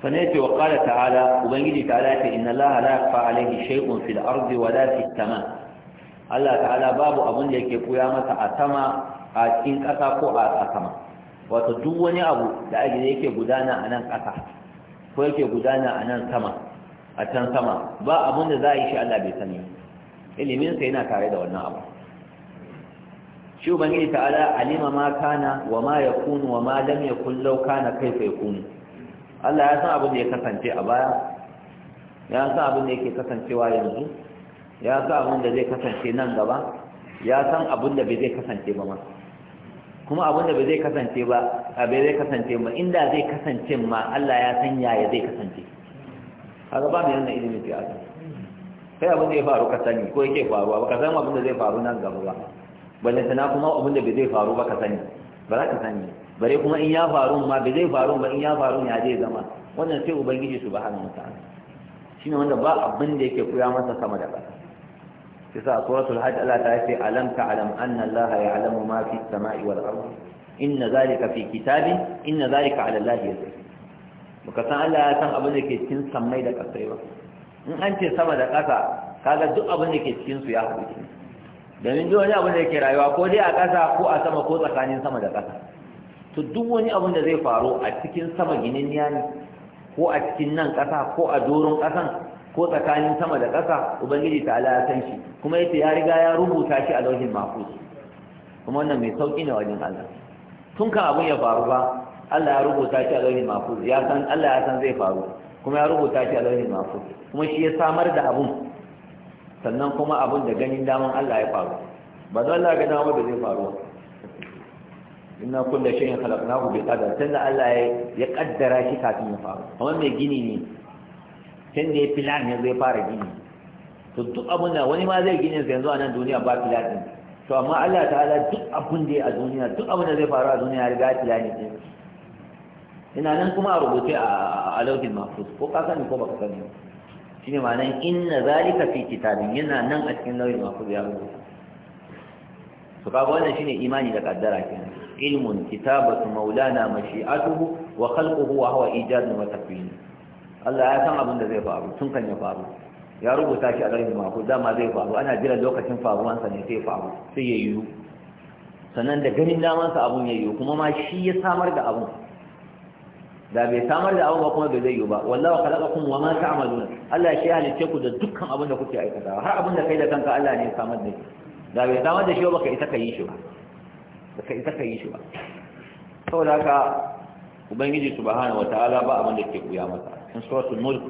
فنأتي وقال تعالى أبنجد تعالى إن الله لا يخفى عليه شيء في الأرض ولا في السماء Allah ta'ala babu abin da yake koya masa a sama a cikin ƙasa ko a sama wato duk wani abu da ajiye yake gudana a nan ƙasa ko yake gudana a nan sama a can sama ba abin da za a yi shi Allah bai sani iliminsa yana tare da wannan abu shi ubangiji ta'ala alima ma kana wa ma yakunu wa ma lam yakun law kana kaifa yakunu Allah ya san abin da ya kasance a baya ya san abin da yake kasancewa yanzu ya sa abin da zai kasance nan gaba ya san abin da bai zai kasance ba ma kuma abin da bai zai kasance ba a bai zai kasance ba inda zai kasance ma Allah ya san yaya zai kasance a ba mai yana ilimin tiyata sai abin da ya faru ka sani ko yake faruwa ba ka san abin da zai faru nan gaba ba balle sana kuma abin da bai zai faru ba ka sani ba za ka sani bare kuma in ya faru ma bai zai faru ba in ya faru ya zai zama wannan sai ubangiji subhanahu wataala shine wanda ba abin da yake koya masa sama da ƙasa yasa a suratul hajj Allah ta ce alam ta'lam anna Allah ya'lamu ma fi samai wal ardi inna zalika fi kitabin inna zalika 'ala Allah yasir Muka san Allah ya san abin da ke cikin samai da kasai ba in an ce sama da ƙasa kaga duk abin da ke cikin su ya haɗu cikin domin duk wani abin da yake rayuwa ko dai a ƙasa ko a sama ko tsakanin sama da ƙasa to duk wani abin da zai faru a cikin sama ginin ne ko a cikin nan ƙasa ko a doron ƙasan ko tsakanin sama da ƙasa ubangiji ta ala ya san shi kuma yace ya riga ya rubuta shi a lauhin mahfuz kuma wannan mai sauki ne wajen Allah tun kan abun ya faru ba Allah ya rubuta shi a lauhin mahfuz ya san Allah ya san zai faru kuma ya rubuta shi a lauhin mahfuz kuma shi ya samar da abun sannan kuma abun da ganin daman Allah ya faru ba don Allah ga dama da zai faru inna kullu shay'in khalaqnahu bi qadar tunda Allah ya kaddara shi kafin ya faru Kuma mai gini ne tun da ya filan yanzu zai fara gini to duk abin da wani ma zai gini sa yanzu a nan duniya ba filan din to amma Allah ta'ala duk abin da a duniya duk abin da zai faru a duniya ya riga filan din ina nan kuma a rubuce a laukin mahfuz ko ka sani ko baka sani ne ma'anar inna zalika fi kitabin yana nan a cikin laukin mahfuz ya rubuta to kaga wannan shine imani da kaddara kenan ilmun kitabatu maulana mashi'atuhu wa khalquhu wa huwa ijadun wa takwin Allah ya san abin da zai faru tun kan ya faru ya rubuta shi a lauhin mako dama zai faru ana jiran lokacin faruwansa ne sai faru sai ya yiwu sannan da ganin damansa abun ya yiwu kuma ma shi ya samar da abun da bai samar da abun ba kuma bai zai yiwu ba ka wallahu khalaqakum wa ma ta'maluna Allah shi ya halice ku da dukkan abin da kuke aikata. har abin da kai da kanka Allah ne ya samar da shi da bai samar da shi ba ka isa ka yi shi ba ka isa ka yi shi ba saboda haka ubangiji subhanahu wataala ba abin da ke kuya masa in suratul mulk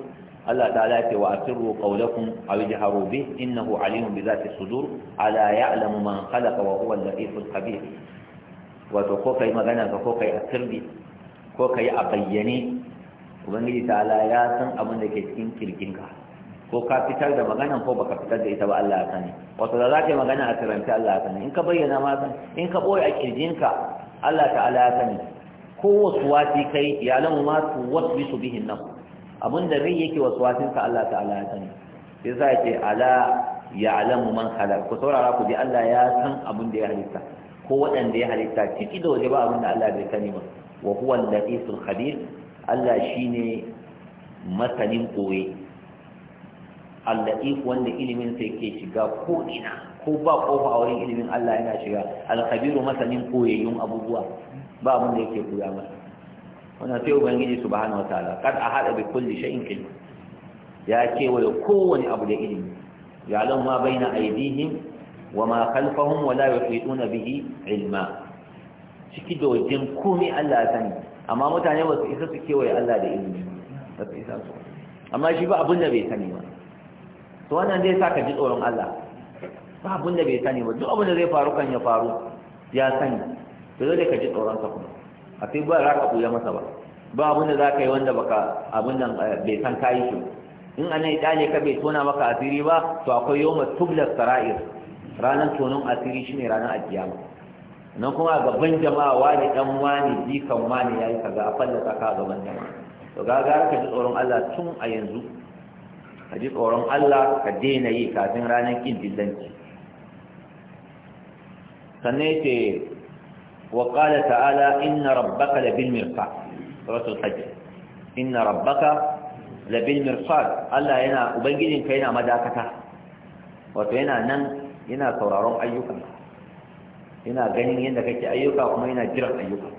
Allah ta'ala ya ce wa asirru qawlakum aw jaharu bih innahu alimun bi zati sudur ala ya'lamu man khalaqa wa huwa al-latiful khabir wato ko kai magana ka ko kai asirri ko kai a bayyane ubangiji ta'ala ya san abin da ke cikin kirkinka ko ka fitar da magana ko baka fitar da ita ba Allah ya sani wato da za zaka magana a sirrance Allah ya sani in ka bayyana ma san in ka boye a kirjinka Allah ta'ala ya sani ko waswasi kai ya lamu ma wasu su bihin nan. nafs da rai yake waswasin sa Allah ta'ala ya sani sai sai ce ala ya alamu man halar. ku saurara ku ji Allah ya san abin da ya halitta ko waɗanda ya halitta ciki da waje ba abin da Allah bai sani ba wa huwa al-latiful khabir Allah shine masanin koyi al-latif wanda ilimin sa yake shiga ko ina ko ba kofa a wurin ilimin Allah yana shiga al-khabiru masanin koyayyun abubuwa ba abin da yake buya masa wannan sai ubangiji subhanahu wataala kad hada bi kulli shay'in ilm ya kewaye kowane abu da ilimi ya lam ma baina aydihim wa ma khalfahum wa la yuhituna bihi ilma ciki dojin komai Allah ya sani amma mutane ba su isa su kewaye Allah da ilimi ba su isa su amma shi ba abin da bai sani ba to wannan zai sa ka ji tsoron Allah ba abin da bai sani ba duk abin da zai faru kan ya faru ya sani to zai ka ji tsoron ka kuma a sai ba za ka buya masa ba ba abin da za ka yi wanda baka abin nan eh, bai san ka yi shi in an yi ne ka bai tona maka asiri ba to akwai yau ma sara'ir ranar tonon asiri shine ranar alkiyama nan kuma gaban jama'a wani dan wani jikan wani yayi kaza a fallasa ka gaban jama'a to ga ka ji tsoron Allah tun a yanzu ka ji tsoron Allah ka daina yi kafin ranar kin dillanci sannan yace وقال تعالى إن ربك لبالمرصاد سورة الحج إن ربك لبالمرصاد الله ينا أبنجد كينا مداكتا وتينا نن ينا تورارون أيوكا ينا غنين ينا كيكي ayyuka kuma ينا jiran أيوكا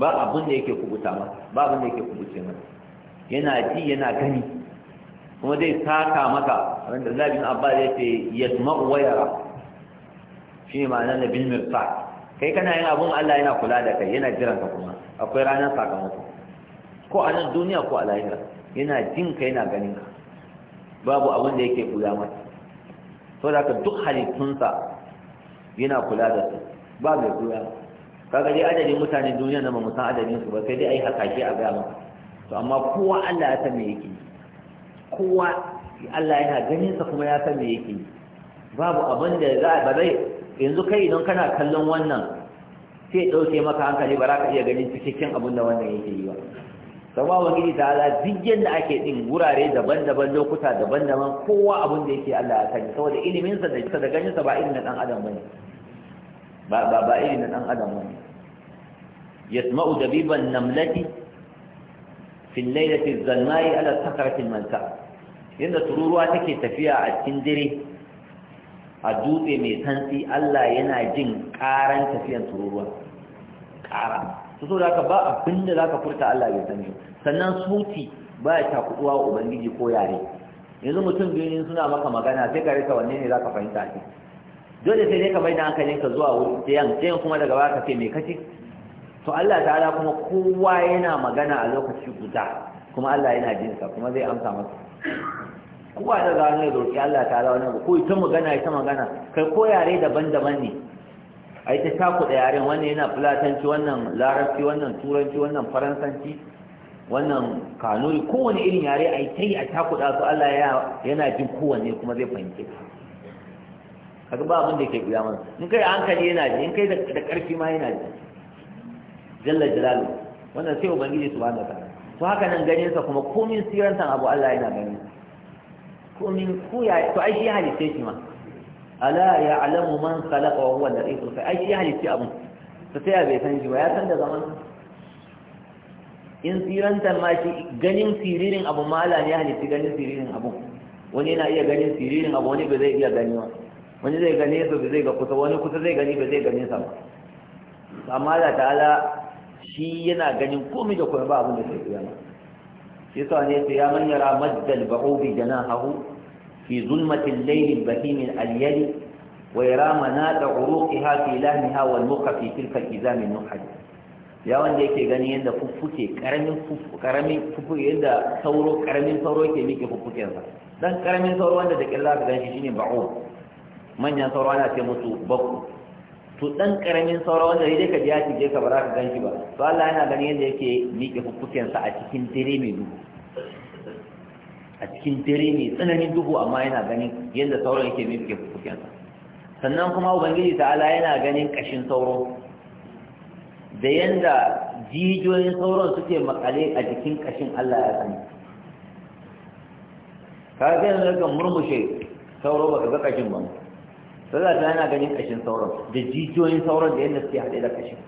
ba abin da yake kubuta masa ba abin da yake kubuce masa yana ji yana gani kuma zai saka maka wanda labin abba zai ce yasma'u wa yara shi ma'anar labin mirsad kai kana yin abun Allah yana kula da kai yana jiran ka kuma akwai ranar sakamako ko a nan duniya ko a lahira yana jin ka yana ganin ka babu abin da yake kula mata to da ka duk halittunsa yana kula da su ba mai kula kaga dai adadin mutanen duniya na mu san adadin su ba sai dai ai hakaki a ga maka to amma kowa Allah ya san me yake kowa Allah yana ganin sa kuma ya san me yake babu abin da za ba zai yanzu kai idan kana kallon wannan sai ɗauke maka hankali ba za ka iya ganin cikakken abin da wannan yake yi ba ba wani ta ala duk da ake ɗin wurare daban-daban lokuta daban-daban kowa abin da yake Allah ya sani saboda iliminsa da da ganinsa ba irin na ɗan adam bane ne ba ba ba irin na ɗan adam bane yasma'u dabiban namlati fil lailati zalmai ala sakaratil manta yadda tururuwa take tafiya a cikin dare a dutse mai santsi Allah yana jin ƙaran tafiyan tururuwa ƙara su so da ka ba abin da za ka furta Allah ya sani sannan sauti ba ya takuɗuwa wa ubangiji ko yare yanzu mutum biyu suna maka magana sai ka rika wanne ne za ka fahimta shi dole sai dai ka bai da ka zuwa wurin Sai ɗayan kuma daga baka ka ce mai kace to Allah ta'ala kuma kowa yana magana a lokaci guda kuma Allah yana jin sa kuma zai amsa masa kowa da zanen roƙi Allah ta'ala wannan ko ita magana ita magana kai ko yare daban-daban ne ai ta takuɗa yaren wannan yana fulatanci wannan larabci wannan turanci wannan faransanci wannan kanuri kowane irin yare ai ta yi a takuɗa su Allah yana jin kowanne kuma zai fahimce ka kaga ba abin da ke guya mana in kai hankali yana ji in kai da ƙarfi ma yana ji jalla jalalu wannan sai ubangiji subhanahu ta to haka nan ganin sa kuma komin san abu Allah yana ganin komin Ko ya to ai shi halitta shi ma ala ya alamu man khalaqa wa huwa al-latif ai shi halitti abun ta sai bai san jiwa ya san da zaman in sirantar ma shi ganin siririn abu mala ne halitti ganin siririn abu wani na iya ganin siririn abu wani ba zai iya gani ba wani zai gane su ba zai ga kusa wani kusa zai gani ba zai gane sa ba amma da ta'ala shi yana ganin komai da komai ba abin da ke tsaya ba. shi yasa ne sai ya man yara maddal ba'ubi janahu في ظلمة الليل البهيم الأليل ويرى مناط عروقها في لهمها والمخ في تلك الإزام النحل ya wanda yake gani yadda fuffuke karamin karamin fuffuke yadda sauro karamin sauro yake miki fuffuken dan karamin sauro wanda da killa ganshi shine ba'o manyan sauro ana ce musu to dan karamin sauro wanda dai ka ji ya cije ka ba za ka ganshi ba to Allah yana gani yadda yake miki fuffuken a cikin dare mai a cikin dare mai tsananin duhu amma yana ganin yadda sauran yake mimke fukensa sannan kuma ubangiji ta'ala yana ganin kashin sauro da yadda jijiyoyin sauron suke makale a jikin kashin Allah ya sani Ka ga yanzu daga murmushe sauro ba ka ga kashin ba sai ta yana ganin kashin sauron da jijiyoyin sauron da yadda suke haɗe da kashin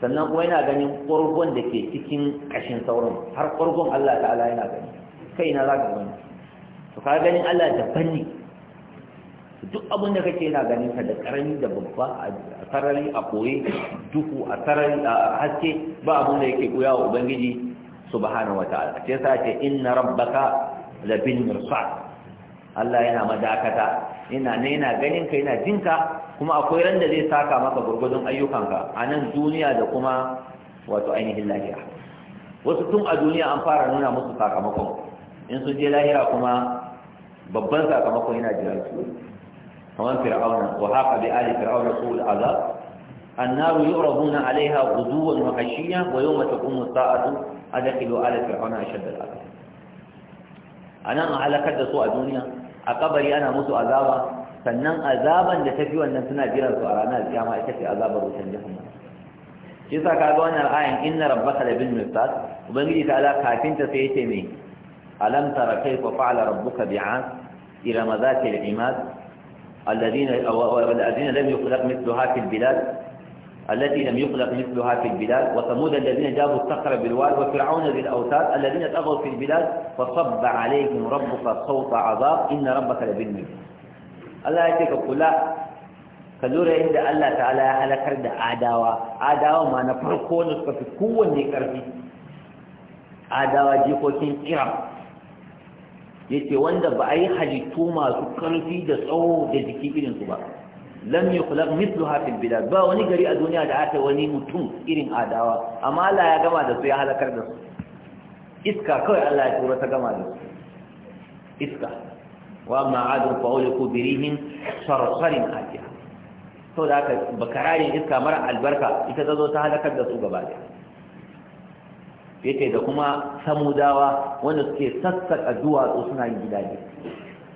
sannan kuma yana ganin ƙurgun da ke cikin ƙashin sauron har ƙurgun Allah ta'ala yana gani kai na zaka gani to ka ganin Allah daban ne duk abin da kake yana ganin ka da karami da babba a sarari a koye duhu a sarari a haske ba abin da yake koya wa ubangiji subhanahu wataala sai sa ce inna rabbaka bin mirsad Allah yana madakata ina ne yana ganin ka yana jinka kuma akwai ran da zai saka maka ayyukan ka, a nan duniya da kuma wato ainihin lafiya wasu tun a duniya an fara nuna musu sakamakon in sun je lahira kuma babban sakamakon yana jira su kamar fir'auna wa haqa bi ali fir'auna su'ul azab النار يعرضون عليها غدوا وعشيا ويوم تقوم الساعة أدخلوا آل فرعون أشد العذاب أنا أهلكت da su a duniya a kabari ana musu azaba sannan azaban da tafi wannan suna jiran su a ranar kiyama ita ce azabar wutan jahannam shi yasa kaga wannan ayan inna rabbaka labil mirsad ubangiji ta ala kafin ta sai yace me ألم تر كيف فعل ربك بعاد إلى مذاك العماد الذين الذين لم يخلق مثلها في البلاد التي لم يخلق مثلها في البلاد وثمود الذين جابوا الصخر بالواد وفرعون ذي الأوتاد الذين طغوا في البلاد فصب عليهم ربك صوت عذاب إن ربك لبالمثل الله يتيك كلا ka عند الله تعالى على كرد عداوة عداوة ما adawa في كون farko da suka fi kowanne yace wanda ba a yi halittu masu karfi da tsawo da jiki irin su ba lam yukhlaq mithluha fil bilad ba wani gari a duniya da aka wani mutum irin adawa amma Allah ya gama da su ya halakar da su iska kawai Allah ya tura ta gama da su iska wa amma adun fa uliku birihin sarsarin atiya Sau da aka bakararin iska mara albarka ita ta zo ta halakar da su gaba daya yake da kuma samudawa wanda suke sassaka duwatsu suna yin gidaje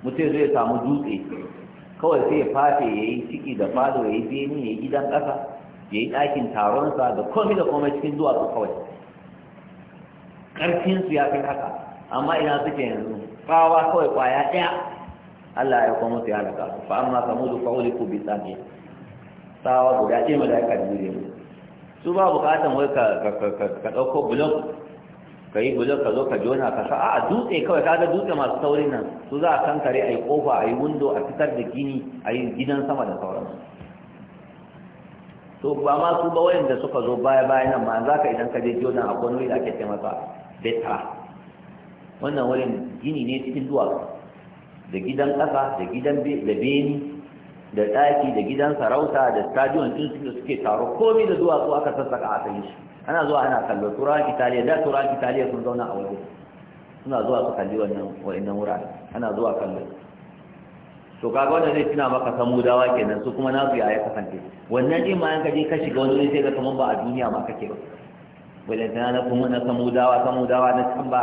mutum zai samu dutse kawai sai ya fafe ya yi ciki da falo ya yi beni ya yi gidan ƙasa ya yi ɗakin taronsa da komi da komai cikin duwatsu kawai ƙarfinsu ya fi haka amma ina suke yanzu ƙawa kawai ƙwaya ɗaya Allah ya kuma musu ya halaka fa'amma samu da fa ko bi tsakiya tsawa guda ɗaya ya biyu ne su ba bukatan wai ka ɗauko bulon ka yi bulon ka zo ka jona ka sa a dutse kawai ka ga dutse masu saurin nan su za a kankare a yi ƙofa a yi windo a fitar da gini a yi gidan sama da sauransu to ba ma su ba wayanda suka zo baya baya nan ma za ka idan ka je jona a kwanu da ake taimaka beta wannan wurin gini ne cikin duwatsu da gidan ƙasa da gidan da beni da daki, da gidan sarauta da stadion din su suke taro komai da duwatsu aka sassaka a kan shi ana zuwa ana kallo turawan italiya da turawan italiya sun zauna a wajen suna zuwa su kalli wannan wa'annan wurare ana zuwa kallo to kaga wanda zai tuna maka samudawa kenan su kuma nasu ya kasance wannan din ma yanka je ka shiga wani wuri sai ga kaman ba a duniya ma kake ba wala tana na kuma na samudawa samudawa na can ba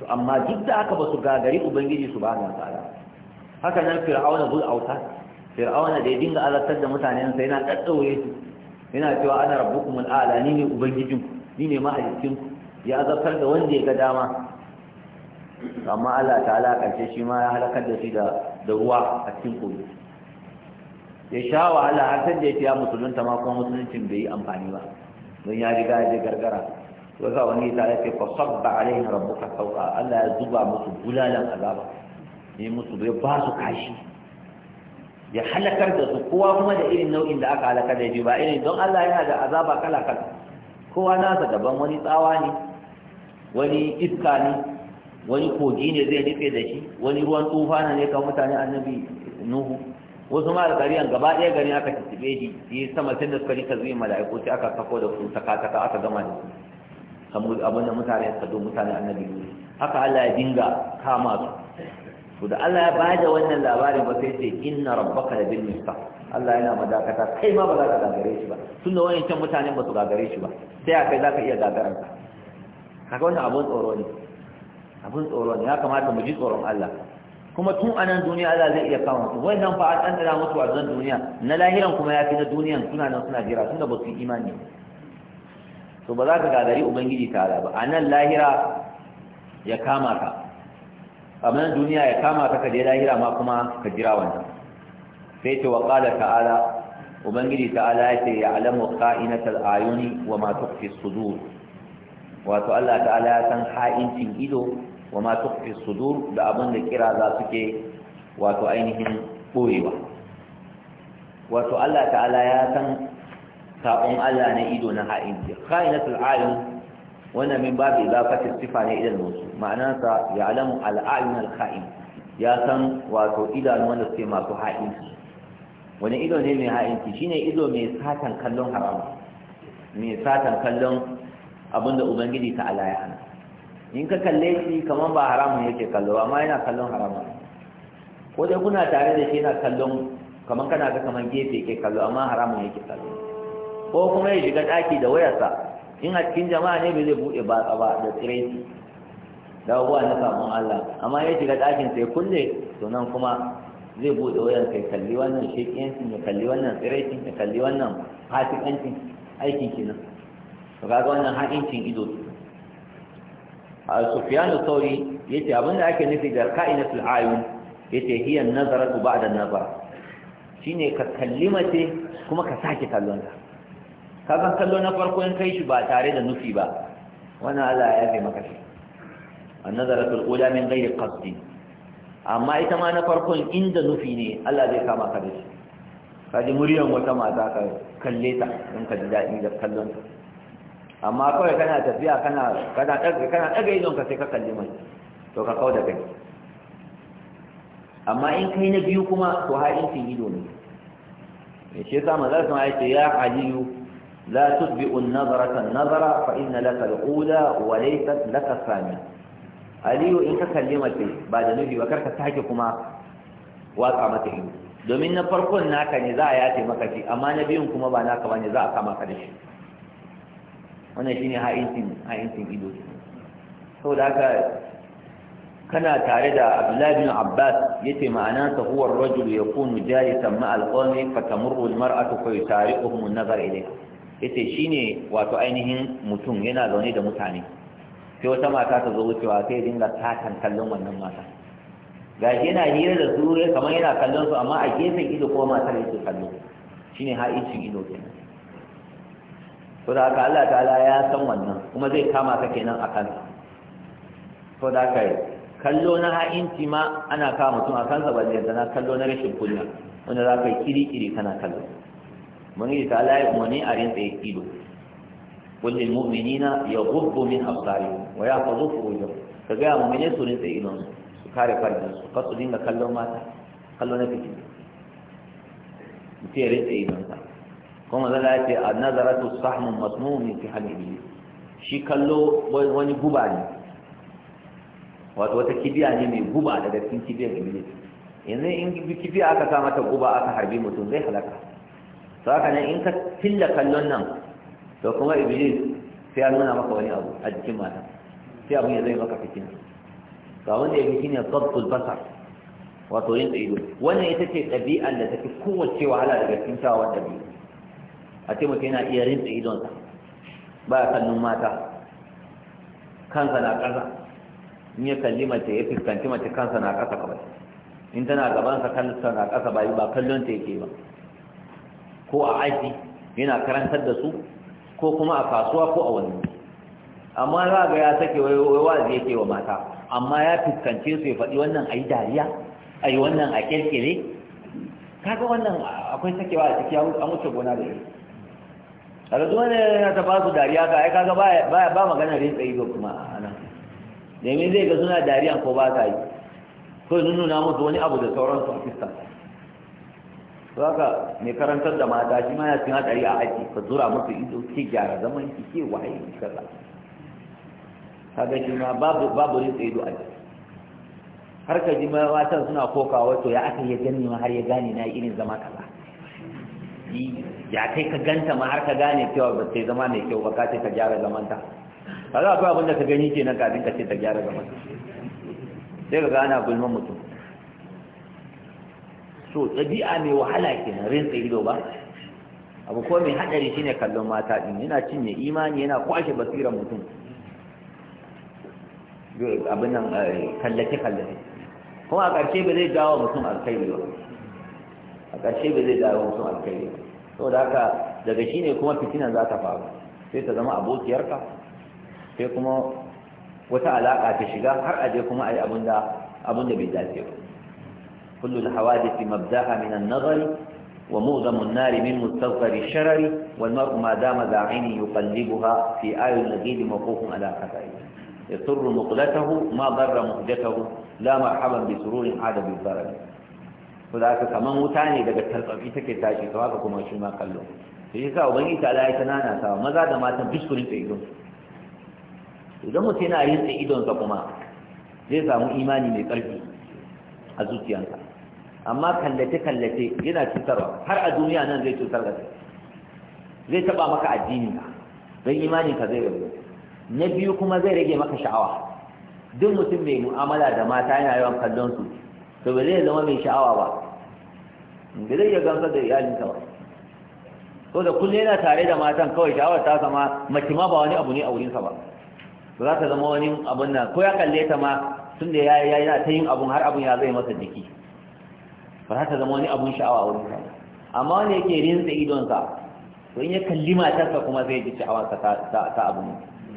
to amma duk da haka ba su gagari ubangiji ba wa ta'ala haka nan fir'auna zul auta fir'auna da ya dinga azabtar da mutanen sa yana daddaure su yana cewa ana rabbukum al'ala ni ne ubangijin ku ni ne mahalicin ku ya azabtar da wanda ya ga dama amma Allah ta'ala karshe shi ma ya halakar da shi da da ruwa a cikin kogi ya sha wahala har sai da ya fiya musulunta ma kuma musuluncin bai yi amfani ba don ya riga ya je gargara to ga wani ta ce fa sabba alaihim rabbuka sauka, Allah ya zuba musu bulalan azaba ne musu bai ba su kashi ya halakar da su kowa kuma da irin nau'in da aka halakar da ya ba irin don Allah yana da azaba kala kala kowa nasa daban wani tsawa ne wani iska ne wani kogi ne zai nufe da shi wani ruwan tsufa ne kan mutane annabi nuhu wasu ma da tsariyan gaba ɗaya gari aka tattube shi yi sama sai da suka rika zuwa mala'iku sai aka kafo da su taka taka aka gama da su kamar abin da mutane suka zo mutane annabi haka Allah ya dinga kama su to da Allah ya bada wannan labarin ba sai ce inna rabbaka la bil mustaq Allah yana madakata kai ma ba za ka gagare shi ba tunda can mutane ba su gagare shi ba sai a kai za ka iya gagaran ka kaga wannan abun tsoro ne abun tsoro ne ya kamata mu ji tsoron Allah kuma tun anan duniya Allah zai iya kawo musu nan fa an dandana mutu a zan duniya na lahiran kuma yafi na duniyan suna nan suna jira tunda ba su yi imani to ba za ka gagari ubangiji ta ba a nan lahira ya kama ka amma na duniya ya kama ka kaje lahira ma kuma ka jira wannan sai ce wa qala ta'ala ubangiji ta'ala ya ce ya'lamu qa'inatal ayuni wa ma tukhfi sudur wato Allah ta'ala ya san ha'incin ido wa ma tukhfi sudur da abin da kira za suke wato ainihin boyewa wato Allah ta'ala ya san sabon Allah na ido na ha'inci kha'inatul ayun wannan min babu idafati sifa ne idan musu ma'anansa ya alamu al'ayin alka'in ya san wato idanu wanda suke masu ha'inci wani ido ne mai Shi shine ido mai satan kallon haram mai satan kallon abinda ubangiji ta alaya ana in ka kalle shi kamar ba haramun yake kallo amma yana kallon haramun ko dai kuna tare da shi yana kallon kamar kana ga kamar gefe yake kallo amma haramun yake kallo ko kuma ya shiga daki da wayarsa in a cikin jama'a ne bai zai buɗe ba da tsiraiti da abubuwa na samun Allah amma ya shiga ɗakin sai kulle to nan kuma zai buɗe wayan kai kalli wannan shekiyancin ya kalli wannan tsiraicin, ya kalli wannan fasikancin aikin kenan to kaga wannan haɗincin ido a sufiyanu sauri ya ce abin da ake nufi da ka'inatul ayun ya ce hiyar nazara su ba'da nazara shine ka kalli mace kuma ka sake kallon ta ga kallo na farko in kai shi ba tare da nufi ba wannan Allah ya yafe maka shi annazaratu al-ula min ghairi qasdi amma ita ma na farkon inda nufi ne Allah zai kama ka da shi kaji muryan wata mata ka kalle ta in ka ji daɗi da kallon ta amma kawai kana tafiya kana kana daga kana daga idon ka sai ka kalle mai to ka da kai amma in kai na biyu kuma to har in fin ido ne shi yasa manzo sun ya ce ya aliyu la tudbi'u an-nazarata an-nazara fa inna laka al-ula wa laysat laka thaniya aliyu in ka kalli mace ba da nufi ba karka sake kuma watsa mata hin domin na farkon naka ne za a yace maka shi amma na biyun kuma ba naka ba ne za a kama ka da shi wannan shine ha'incin ha'incin ido saboda haka kana tare da Abdullahi bin Abbas yace ma'ana ta huwa ar-rajul yakunu jalisan ma al-qawmi tamurru al-mar'atu fa yusari'uhum an-nazar ilayha yace shine wato ainihin mutum yana zaune da mutane sai wata mata ta zo wucewa sai dinga tatan kallon wannan mata shi yana hira da su kamar yana kallon su amma a gefen ido kuma matar yake kallo shine haicin ido kenan ko da haka Allah ta'ala ya san wannan kuma zai kama ka kenan a kansa ko da haka kallo na ha'inci ma ana kama mutum a kansa ba zai na kallo na rashin kunya wanda za ka yi kiri-kiri kana kallo mun yi ta'ala ya umarni a rinsa ido قل للمؤمنين يغضوا من أبصارهم ويحفظوا فروجهم كجاء مؤمنين سورين سيئنون سكاري فرجن قصد دين كلو ماتا كلو نفسي متيرين سيئنون كما ذا لأتي النظرة الصحن المصموم في حال إبليس شي كلو واني قباني wato wata kibiya ne mai guba daga cikin kibiyar iblis yanzu in kibiya aka sa mata guba aka harbi mutum zai halaka saka nan in ka tilla kallon nan to kuma iblis sai an nuna maka wani abu a jikin mata sai abin ya zai maka fitina ga wanda ya fi shine dabtul basar wato yin ido wannan ita ce ɗabi'ar da tafi kowace wahala daga cikin shawar ɗabi'a a ce mutum yana iya rinsa idonsa ba ya kallon mata kansa na ƙasa in ya kalli mace ya fuskanci mace kansa na ƙasa kawai in tana gabansa kansa na ƙasa ba ba kallon ta yake ba ko a aji yana karantar da su ko kuma a kasuwa ko a wani amma za ga ya sake wai wazi yake wa mata amma ya fuskance su ya faɗi wannan a yi dariya a yi wannan a Ka kaga wannan akwai sakewa a ciki an wuce gona da shi a rasuwa ne yana ta fasu dariya ka ai ga ba ba magana rin tsayi ba kuma a nan domin zai ga suna dariya ko ba ta yi ko nuna musu wani abu da sauransu a fiskan haka mai karantar da mata shi ma ya cin hatsari a aji ka zura musu ido ke gyara zaman ki ke waye ki kaza kaga shi ma babu babu rin tsaye a har ka ji wata suna kokawa to ya aka ya gani ma har ya gane na irin zama kaza ya kai ka ganta ma har ka gane cewa ba sai zama mai kyau ba ka ce ka gyara zamanta kaga akwai abin da ka gani kenan kafin ka ce ta gyara zamanta sai ka gana gulman mutum so ɗabi'a mai wahala kenan rinsa ido ba abu ko mai haɗari shine kallon mata ɗin yana cinye imani yana kwashe basiran mutum abin nan eh, kallace kallace kuma a ƙarshe ba zai dawo mutum alkhairi ba a ƙarshe ba zai dawo mutum alkhairi ba saboda haka daga shine kuma fitinan za ta faru sai ta zama abokiyarka sai kuma wata alaƙa ta shiga har aje kuma a yi abin da bai dace ba كل الحوادث مبداها من النظر ومؤذم النار من مستغفر الشرر والمرء ما دام ذا عين يقلبها في آي النجيد موقوف على خفائه يسر مقلته ما ضر مهجته لا مرحبا بسرور عاد بالضرر فذاك كمان وتاني daga tarkafi take tashi to haka kuma shi ma kallo shi yasa ubangi ta Allah ya nana ta maza da matan biskurin idan mutum yana rinsa idon sa kuma zai samu imani mai karfi a zuciyarsa amma kallace-kallace yana cutarwa har a duniya nan zai cutar da kai zai taba maka addini ka don imanin ka zai rabu na biyu kuma zai rage maka sha'awa duk mutum mai mu'amala da mata yana yawan kallon su to ba zai zama mai sha'awa ba ba zai iya da iyalinsa ba ko da kullum yana tare da matan kawai sha'awar ta sama mace ma ba wani abu ne a wurinsa ba ba za ta zama wani abun nan ko ya kalle ta ma tun da ya yi ta yin abun har abun ya zai masa jiki ba za ta zama wani abun sha'awa a wurin wurinsa amma wani yake rinsa idonsa to in ya kalli matarsa kuma zai ji sha'awa ta abu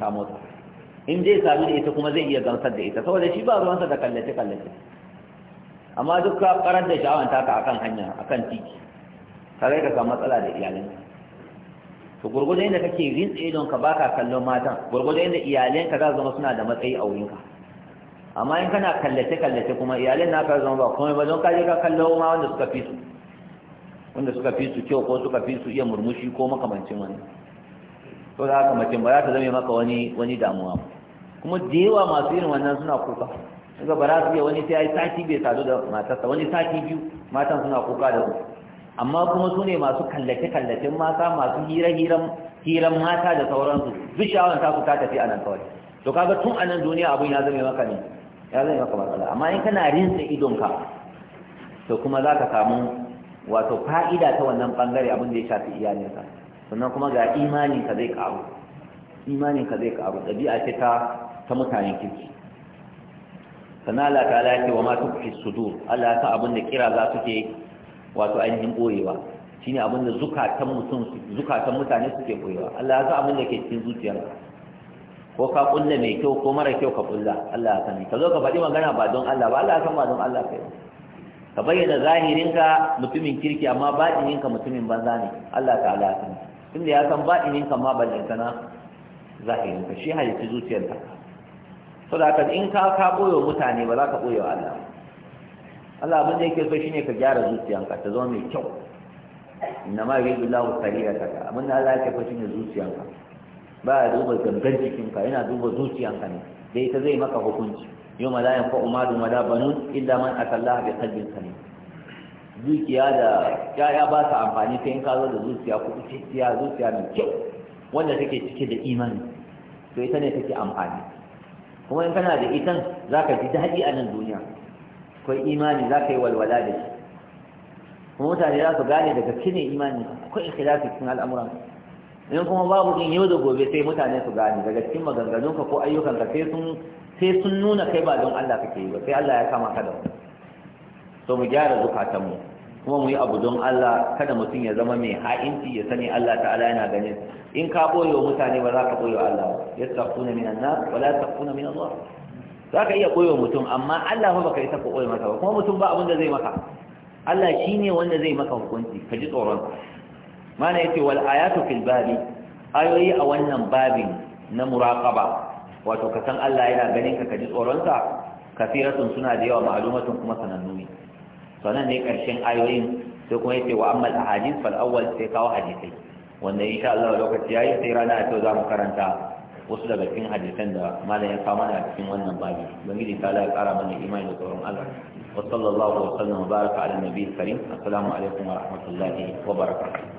ta motsa in zai sami da ita kuma zai iya gamsar da ita saboda shi ba ruwansa da kallace kallace amma duk ka karar da sha'awan taka akan hanya akan titi ka zai ka samu matsala da iyalinka to gurgurda yadda kake rintsa idonka baka kallon matan gurgurda yadda iyalinka za su zama suna da matsayi a wurinka amma in kana kallace kallace kuma iyalin kar zama ba kuma ba don kaje ka kallo ma wanda suka fi su wanda suka fi su kyau ko suka fi su iya murmushi ko makamancin wani to da haka mace ba za ta zame maka wani wani damuwa kuma da yawa masu irin wannan suna kuka daga ba za su iya wani sai sati bai sadu da matarsa wani sati biyu matan suna kuka da su amma kuma su ne masu kallace kallacen mata masu hira hiran hiran mata da sauransu duk sha'awar ta su ta tafi a nan kawai to kaga tun a nan duniya abin ya zame maka ne ya zai maka matsala amma in kana rinsa idonka to kuma za ka samu wato fa'ida ta wannan bangare abin da ya shafi iyalinka sannan kuma ga imaninka zai karu imaninka zai karu ɗabi'a ce ta ta mutanen kirki sannan Allah ta ala ce wa ma fi sudur Allah ya san abin da kira za su ke wato ainihin boyewa shine abin da zukatan mutum zukatan mutane suke boyewa Allah ya san abin da ke cikin zuciyarka ko ka kulle mai kyau ko mara kyau ka kulla Allah ya sani ka zo ka faɗi magana ba don Allah ba Allah ya san ba don Allah kai ka bayyana zahirinka mutumin kirki amma baɗininka mutumin banza ne Allah ta'ala ya sani tunda ya san baɗininka ma ballanta na zahirinka shi halitta zuciyarka saboda haka in ka ka boye mutane ba za ka boye wa Allah Allah abin da yake so shine ka gyara zuciyarka ta zama mai kyau inna ma yuridu Allahu sariyataka abin da Allah yake so shine zuciyarka ba ya duba gangan jikinka yana duba zuciyanka ne da ita zai maka hukunci yau ma la yanfa umadu ma la banun inda man atallaha bi qalbin salim zuciya da yaya ba ta amfani ta yin kazo da zuciya ko zuciya zuciya mai kyau wanda take cike da imani to ita ne take amfani kuma in kana da itan ka ji daɗi a nan duniya akwai imani za ka yi walwala da shi kuma mutane za su gane daga kine imani akwai ikhlasi cikin al'amuran in kuma babu in yau da gobe sai mutane su gane daga cikin maganganunka ko ayyukanka sai sun sai sun nuna kai ba don Allah kake yi ba sai Allah ya kama ka da wani To mu gyara mu, kuma mu yi abu don Allah kada mutum ya zama mai ha'inci ya sani Allah ta'ala yana ganin in ka boye wa mutane ba za ka boye wa Allah Ya yastaquna minan nas wa la yastaquna min Allah za ka iya wa mutum amma Allah ba ka yi ta koyo maka ba kuma mutum ba abin da zai maka Allah shi ne wanda zai maka hukunci ka ji tsoron mana yace wal ayatu fil babi ayoyi a wannan babin na muraqaba wato ka san Allah yana ganin ka kaji tsoronsa sa kafiratun suna da yawa ma'lumatun kuma sanannu ne sanan ne karshen ayoyin sai kuma yace wa amma al ahadith fal awwal sai kawo hadisi wanda insha Allah lokaci yayi sai rana a ta za mu karanta wasu daga cikin hadisan da malam ya kawo mana a cikin wannan babi ubangiji ta ya kara mana imani da tsoron Allah wa sallallahu wa sallam wa baraka ala nabiyil karim assalamu alaikum wa rahmatullahi wa barakatuh